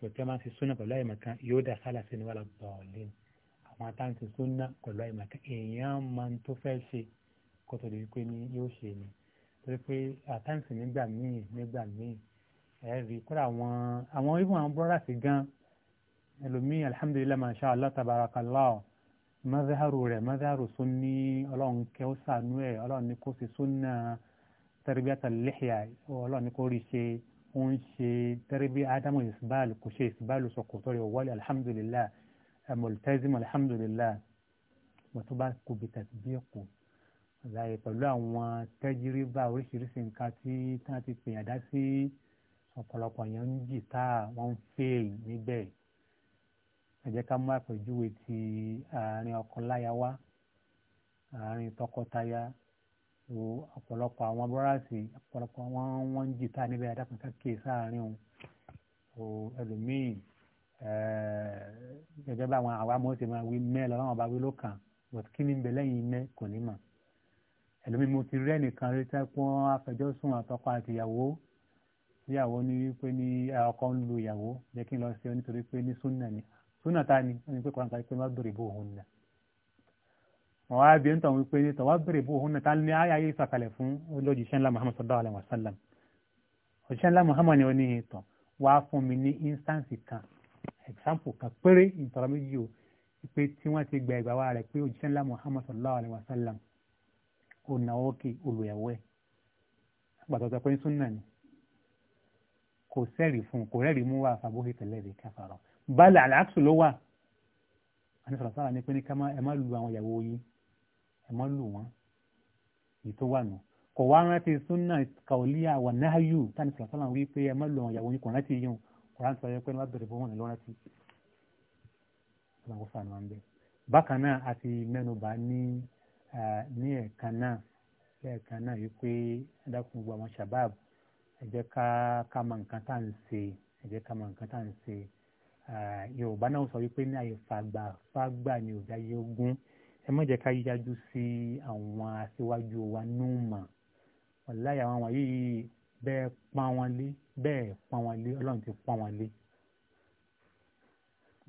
tòtí a máa ń ṣe súnà pẹ̀lú àyèmọ̀kan yóò dá sálà sí ni wàhálà bọ̀ọ̀lì àwọn atáǹtì súnà pẹ̀lú àyèmọ̀kan èèyàn máa ń tó fẹ́ ṣe kó tó di pé ní yóò ṣe ni torí pé atáǹtì nígbà míì nígbà míì ẹ rí kódà àwọn àwọn ibùn àwọn bọ́lá sí gan ẹlòmíì alihamudulilayi masha allah tabarakallah mazaharu rẹ mazaharu sunni ọlọ́run kẹ́ ó sànú ẹ̀ ọlọ́run ní kó ṣe súnà tarbiyata lihya ọlọ́run ní kó rí ó ń ṣe tẹ́rẹ́bí ádámù ìsibáàlù kò ṣe ìsibáàlù sọ̀kòtò rẹ̀ wọlé alhamdulillah multazim alhamdulillah wọ́n tó bá kó bi tàbí kù láyé pẹ̀lú àwọn tẹ́jíríbà oríṣiríṣi nǹkan tí tán ti pèyàn dá sí ọ̀pọ̀lọpọ̀ yẹn ń jì tá wọ́n ń fèèyàn níbẹ̀ ẹ ká mú àpèjúwe ti àárín ọkọ láya àárín tọkọtaya O ọ̀pọ̀lọpọ̀ àwọn bọ́ráàsì ọ̀pọ̀lọpọ̀ wọn wọ́n ń jìtá níbẹ̀ adákanká kè sáàárín òun o ẹlòmíì eh, gẹ́gẹ́ bá àwọn àwa mọ́ ṣe máa wí mẹ́ lọ́wọ́ bá wí ló kàn but kí ni ń bẹ lẹ́yìn mẹ́ kò ní mọ̀ ẹlòmíì mo ti rí ẹnìkan rí tẹ́ pọ́n afẹjọ́sùn àtọkọ àtìyàwó ìyàwó ní wípé ní eh, ọkọ ń lu ìyàwó jẹ́ kí n lọ sí ọ nítorí pé ní súnà ni súnà ta ni wọ́n ní pé kọ́ńtà pé má dòrìbò òun náà wọn á bí nítorí pé nítorí wọn bèrè bó òun nìta ní ayé ayé ìsàkalẹ̀ fún olójúṣẹ́ ńlá muhammad sallallahu alayhi wa sallam òjíṣẹ́ ńlá muhammad ni ó ní ìtàn wá fún mi ní instance kan example kan péré ìtọ́ra méjì o pé tí wọ́n ti gba ìgbà wa rẹ̀ pé òjíṣẹ́ ńlá muhammad sallallahu alayhi wa sallam ònàwókè olùyàwó ẹ̀ gbàtọ́tọ́ pé súnà ni kò sẹ́rì fún kò rẹ́rì mú wá àfàbóhe tẹ̀lé rẹ̀ káfàrọ̀ bálẹ̀ àlàáṣù ló wà àti sọ̀rọ̀ sára ni pé ní ká ẹ má lu àwọn ìyàwó yín ẹ mọ́ lù wọ́n èyí tó wà nù kò wá rántí súnà kàwélíà wà náàyù táni sàlàsàlà wí pé ẹ mọ́ lù wọn ìyàwó yín kò rántí yín kò rántí sọ pé wọ́n bẹ̀rẹ̀ bó wọn lọ rántí. ọlọ́run fàánù wa ń bẹ bákan náà àti mẹ́nubà ní ní ẹ̀ẹ̀kan náà lẹ́ẹ̀kan náà yìí pé ẹ̀dákun gbogbo àwọn shabab ẹ jẹ́ ká ká mọ nǹkan tá à ń ṣe ẹ jẹ́ ká mọ nǹkan tá à ń ṣe yorùbá náà sọ wípé ní àyè fàgbà fàgbà ni òjá yóò gún ẹ má jẹ́ ká yíyájú sí àwọn aṣíwájú wa núùmọ̀ ọ̀láyà àwọn àwọn yìí bẹ́ẹ̀ pọ́n wọn lé bẹ́ẹ̀ pọ́n wọn lé ọlọ́run ti pọ́n wọn lé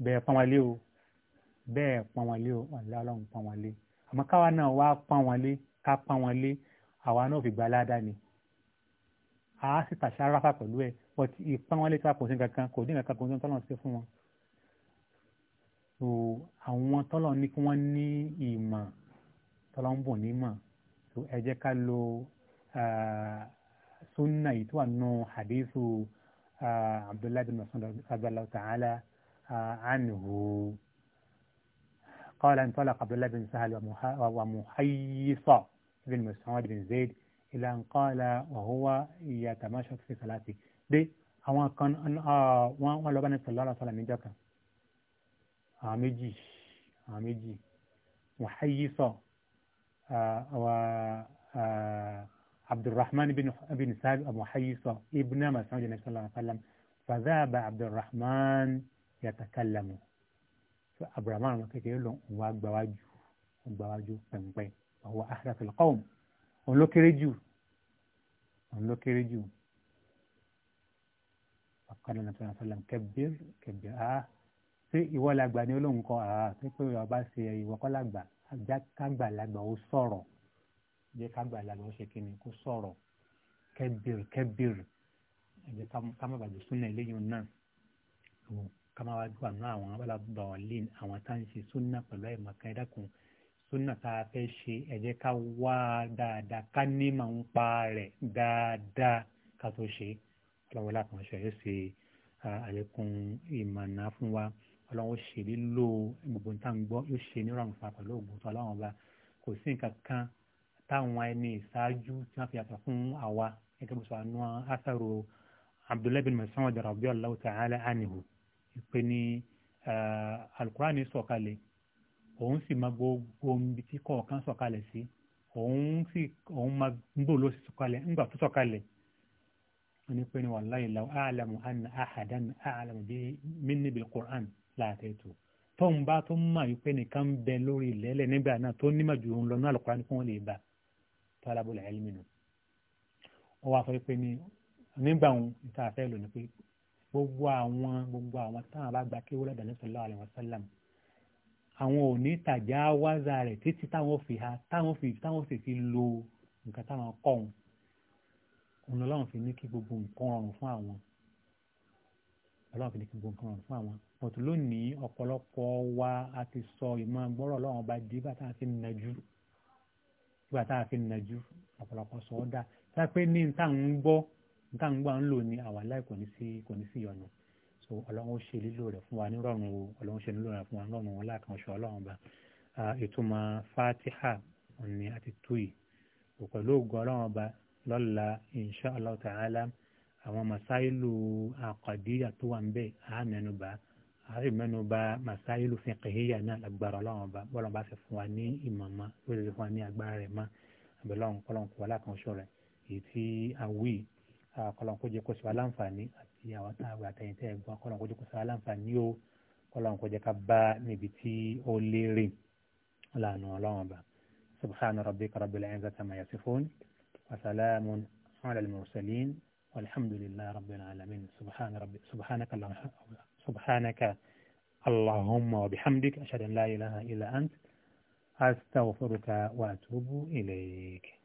bẹ́ẹ̀ pọ́n wọn lé o bẹ́ẹ̀ pọ́n wọn lé o ọ̀láyà ọlọ́run pọ́n wọn lé àmọ́ káwa náà wá pọ́n wọn lé ká pọ́n wọn lé àwa náà fi gba aládá ni a sì tàṣà ráfà pẹ̀lú ẹ̀ pọ̀tì ìpọ́n wọn lé ká kò sí kankan kò dín kankan kò sí kankan lọ́nà sí fún wọn so àwọn tọ́lọ̀ ní kí wọ́n ní ìmọ̀ tọ́lọ̀ ń bọ̀ nímọ̀ so ẹ jẹ́ ká lo sunna yìí tó wà nù hadithu abdullahi bin mas'ud radiyallahu ta'ala anhu qala intalaqa abdullahi bin sahal wa muhayyisa bin mas'ud bin zayd ila an qala wa huwa yatamashatu fi salati de àwọn kan wọ́n lọ bá ní sallallahu alaihi wasallam kan. àwọn méjì محيصة méjì عبد الرحمن بن بن سعد أبو حيصة ابن مسعود النبي صلى الله عليه وسلم فذهب عبد الرحمن يتكلم فعبد الرحمن كيكيو لون واجب واجب بنبي وهو أحرف القوم òun ló kéré jù فقال النبي صلى الله عليه وسلم كبر كبر آه ṣé ìwọ làgbà ni olóhùn kan àá ṣé pé ọba ṣe ìwọ kọ́ làgbà ajá kágbàlagbà ó sọ̀rọ̀ jẹ́ kágbàlagbà ó ṣe kíni kó sọ̀rọ̀ kẹ́bìrì kẹ́bìrì ẹ̀jẹ̀ ká má bàjẹ́ súnà eléyìí náà ká má wàá gbà náà àwọn abálàbà ọ̀lìn àwọn tá à ń ṣe súnà pẹ̀lú àìmọ̀kan ẹ̀dákun súnà tá a fẹ́ ṣe ẹ̀jẹ̀ ká wá dáadáa ká ní màá ń pa rẹ̀ dáadáa ká tó ṣe ọlọ́wọ́lá kan ṣe é ìmọ̀nà fún wa ọlọ́run ó ṣe lílo gbogbo nǹkan gbọ́ yóò ṣe ní ìrọ̀rùn fún pẹ̀lú ògùn tó ọlọ́run ọba kò sí nǹkan kan táwọn ẹni ìṣáájú tí wọ́n fi yàtọ̀ fún àwa gẹ́gẹ́ bó sọ àánú asaro abdullahi bin Mas'ud radiyallahu ta'ala anhu ìpè ní alukurani sọ̀kalẹ̀ òun sì máa gbogbo ibi tí kọ̀ọ̀kan sọ̀kalẹ̀ sí òun sì òun máa ń bò ló sì pé ni wallahi law a'lamu anna ahadan a'lamu minni bil Qur'an láàtẹ̀tù tóun bá tó mọ̀ wípé nìkan ń bẹ lórí ilẹ̀ẹ́lẹ̀ nígbà náà tó nímọ̀ ju òun lọ ní àlùkùránì kí wọ́n lè bá tọ́lábùlà ẹ̀lmì nù. wọ́n wá sọ pé ní nígbà òun níta fẹ́ lò ní pé gbogbo àwọn gbogbo àwọn táwọn bá gba kéwúrẹ́ dání sallallahu alaihi wasallam àwọn ò ní tàjà wáza rẹ̀ títí táwọn fi ha táwọn fi táwọn sì fi lo nǹkan táwọn kọ́ òun òun fi ní kí gbogbo nǹkan rọrùn fún àwọn ọlọ́run fi ní kí gbogbo nǹkan rọrùn fún àwọn pọ̀tù lónìí ọ̀pọ̀lọpọ̀ wa a ti sọ ìmọ̀ gbọ́rọ̀ ọlọ́run ọba di bàtà àfi nàjú bàtà àfi nàjú ọ̀pọ̀lọpọ̀ sọ ọ́ dá sápẹ́ ní níta ń gbọ́ níta ń gbọ́ à ń lò ní àwa láì kò ní sí kò ní sí ìyọnu so ọlọ́run ó ṣe lílò rẹ̀ fún wa ní rọrùn o ọlọ́run ṣe lílò rẹ̀ fún wa ní rọrùn o láàkàn ṣọ ọlọ́run ọba ìtumọ̀ àwọn masáìlú àkàdíyà tó wà ń bẹ á mẹ́nubà á sì mẹ́nubà masáìlú fìkìhíyà náà lágbára ọlọ́run ọba bọ́lá bá fi fún wa ní ìmọ̀ mọ́ ló lè fún wa ní agbára rẹ̀ mọ́ àbẹ̀lọ́run kọ́lọ́n kó wà lákànṣọ́ rẹ̀ èyí tí a wí kọ́lọ́n kó jẹ́ kó sọ aláǹfààní àti àwọn táwọn àtẹ̀yìntẹ́ ẹ̀gbọ́n kọ́lọ́n kó jẹ́ kó sọ aláǹfààní o kọ́lọ́n kó ká bá níbi tí ó léèrè lànà ọlọ́run ọba subhana rabbika rabbil izzati yasifun wa salamun ala al والحمد لله رب العالمين سبحان ربي سبحانك اللهم سبحانك اللهم وبحمدك أشهد أن لا إله إلا أنت أستغفرك وأتوب إليك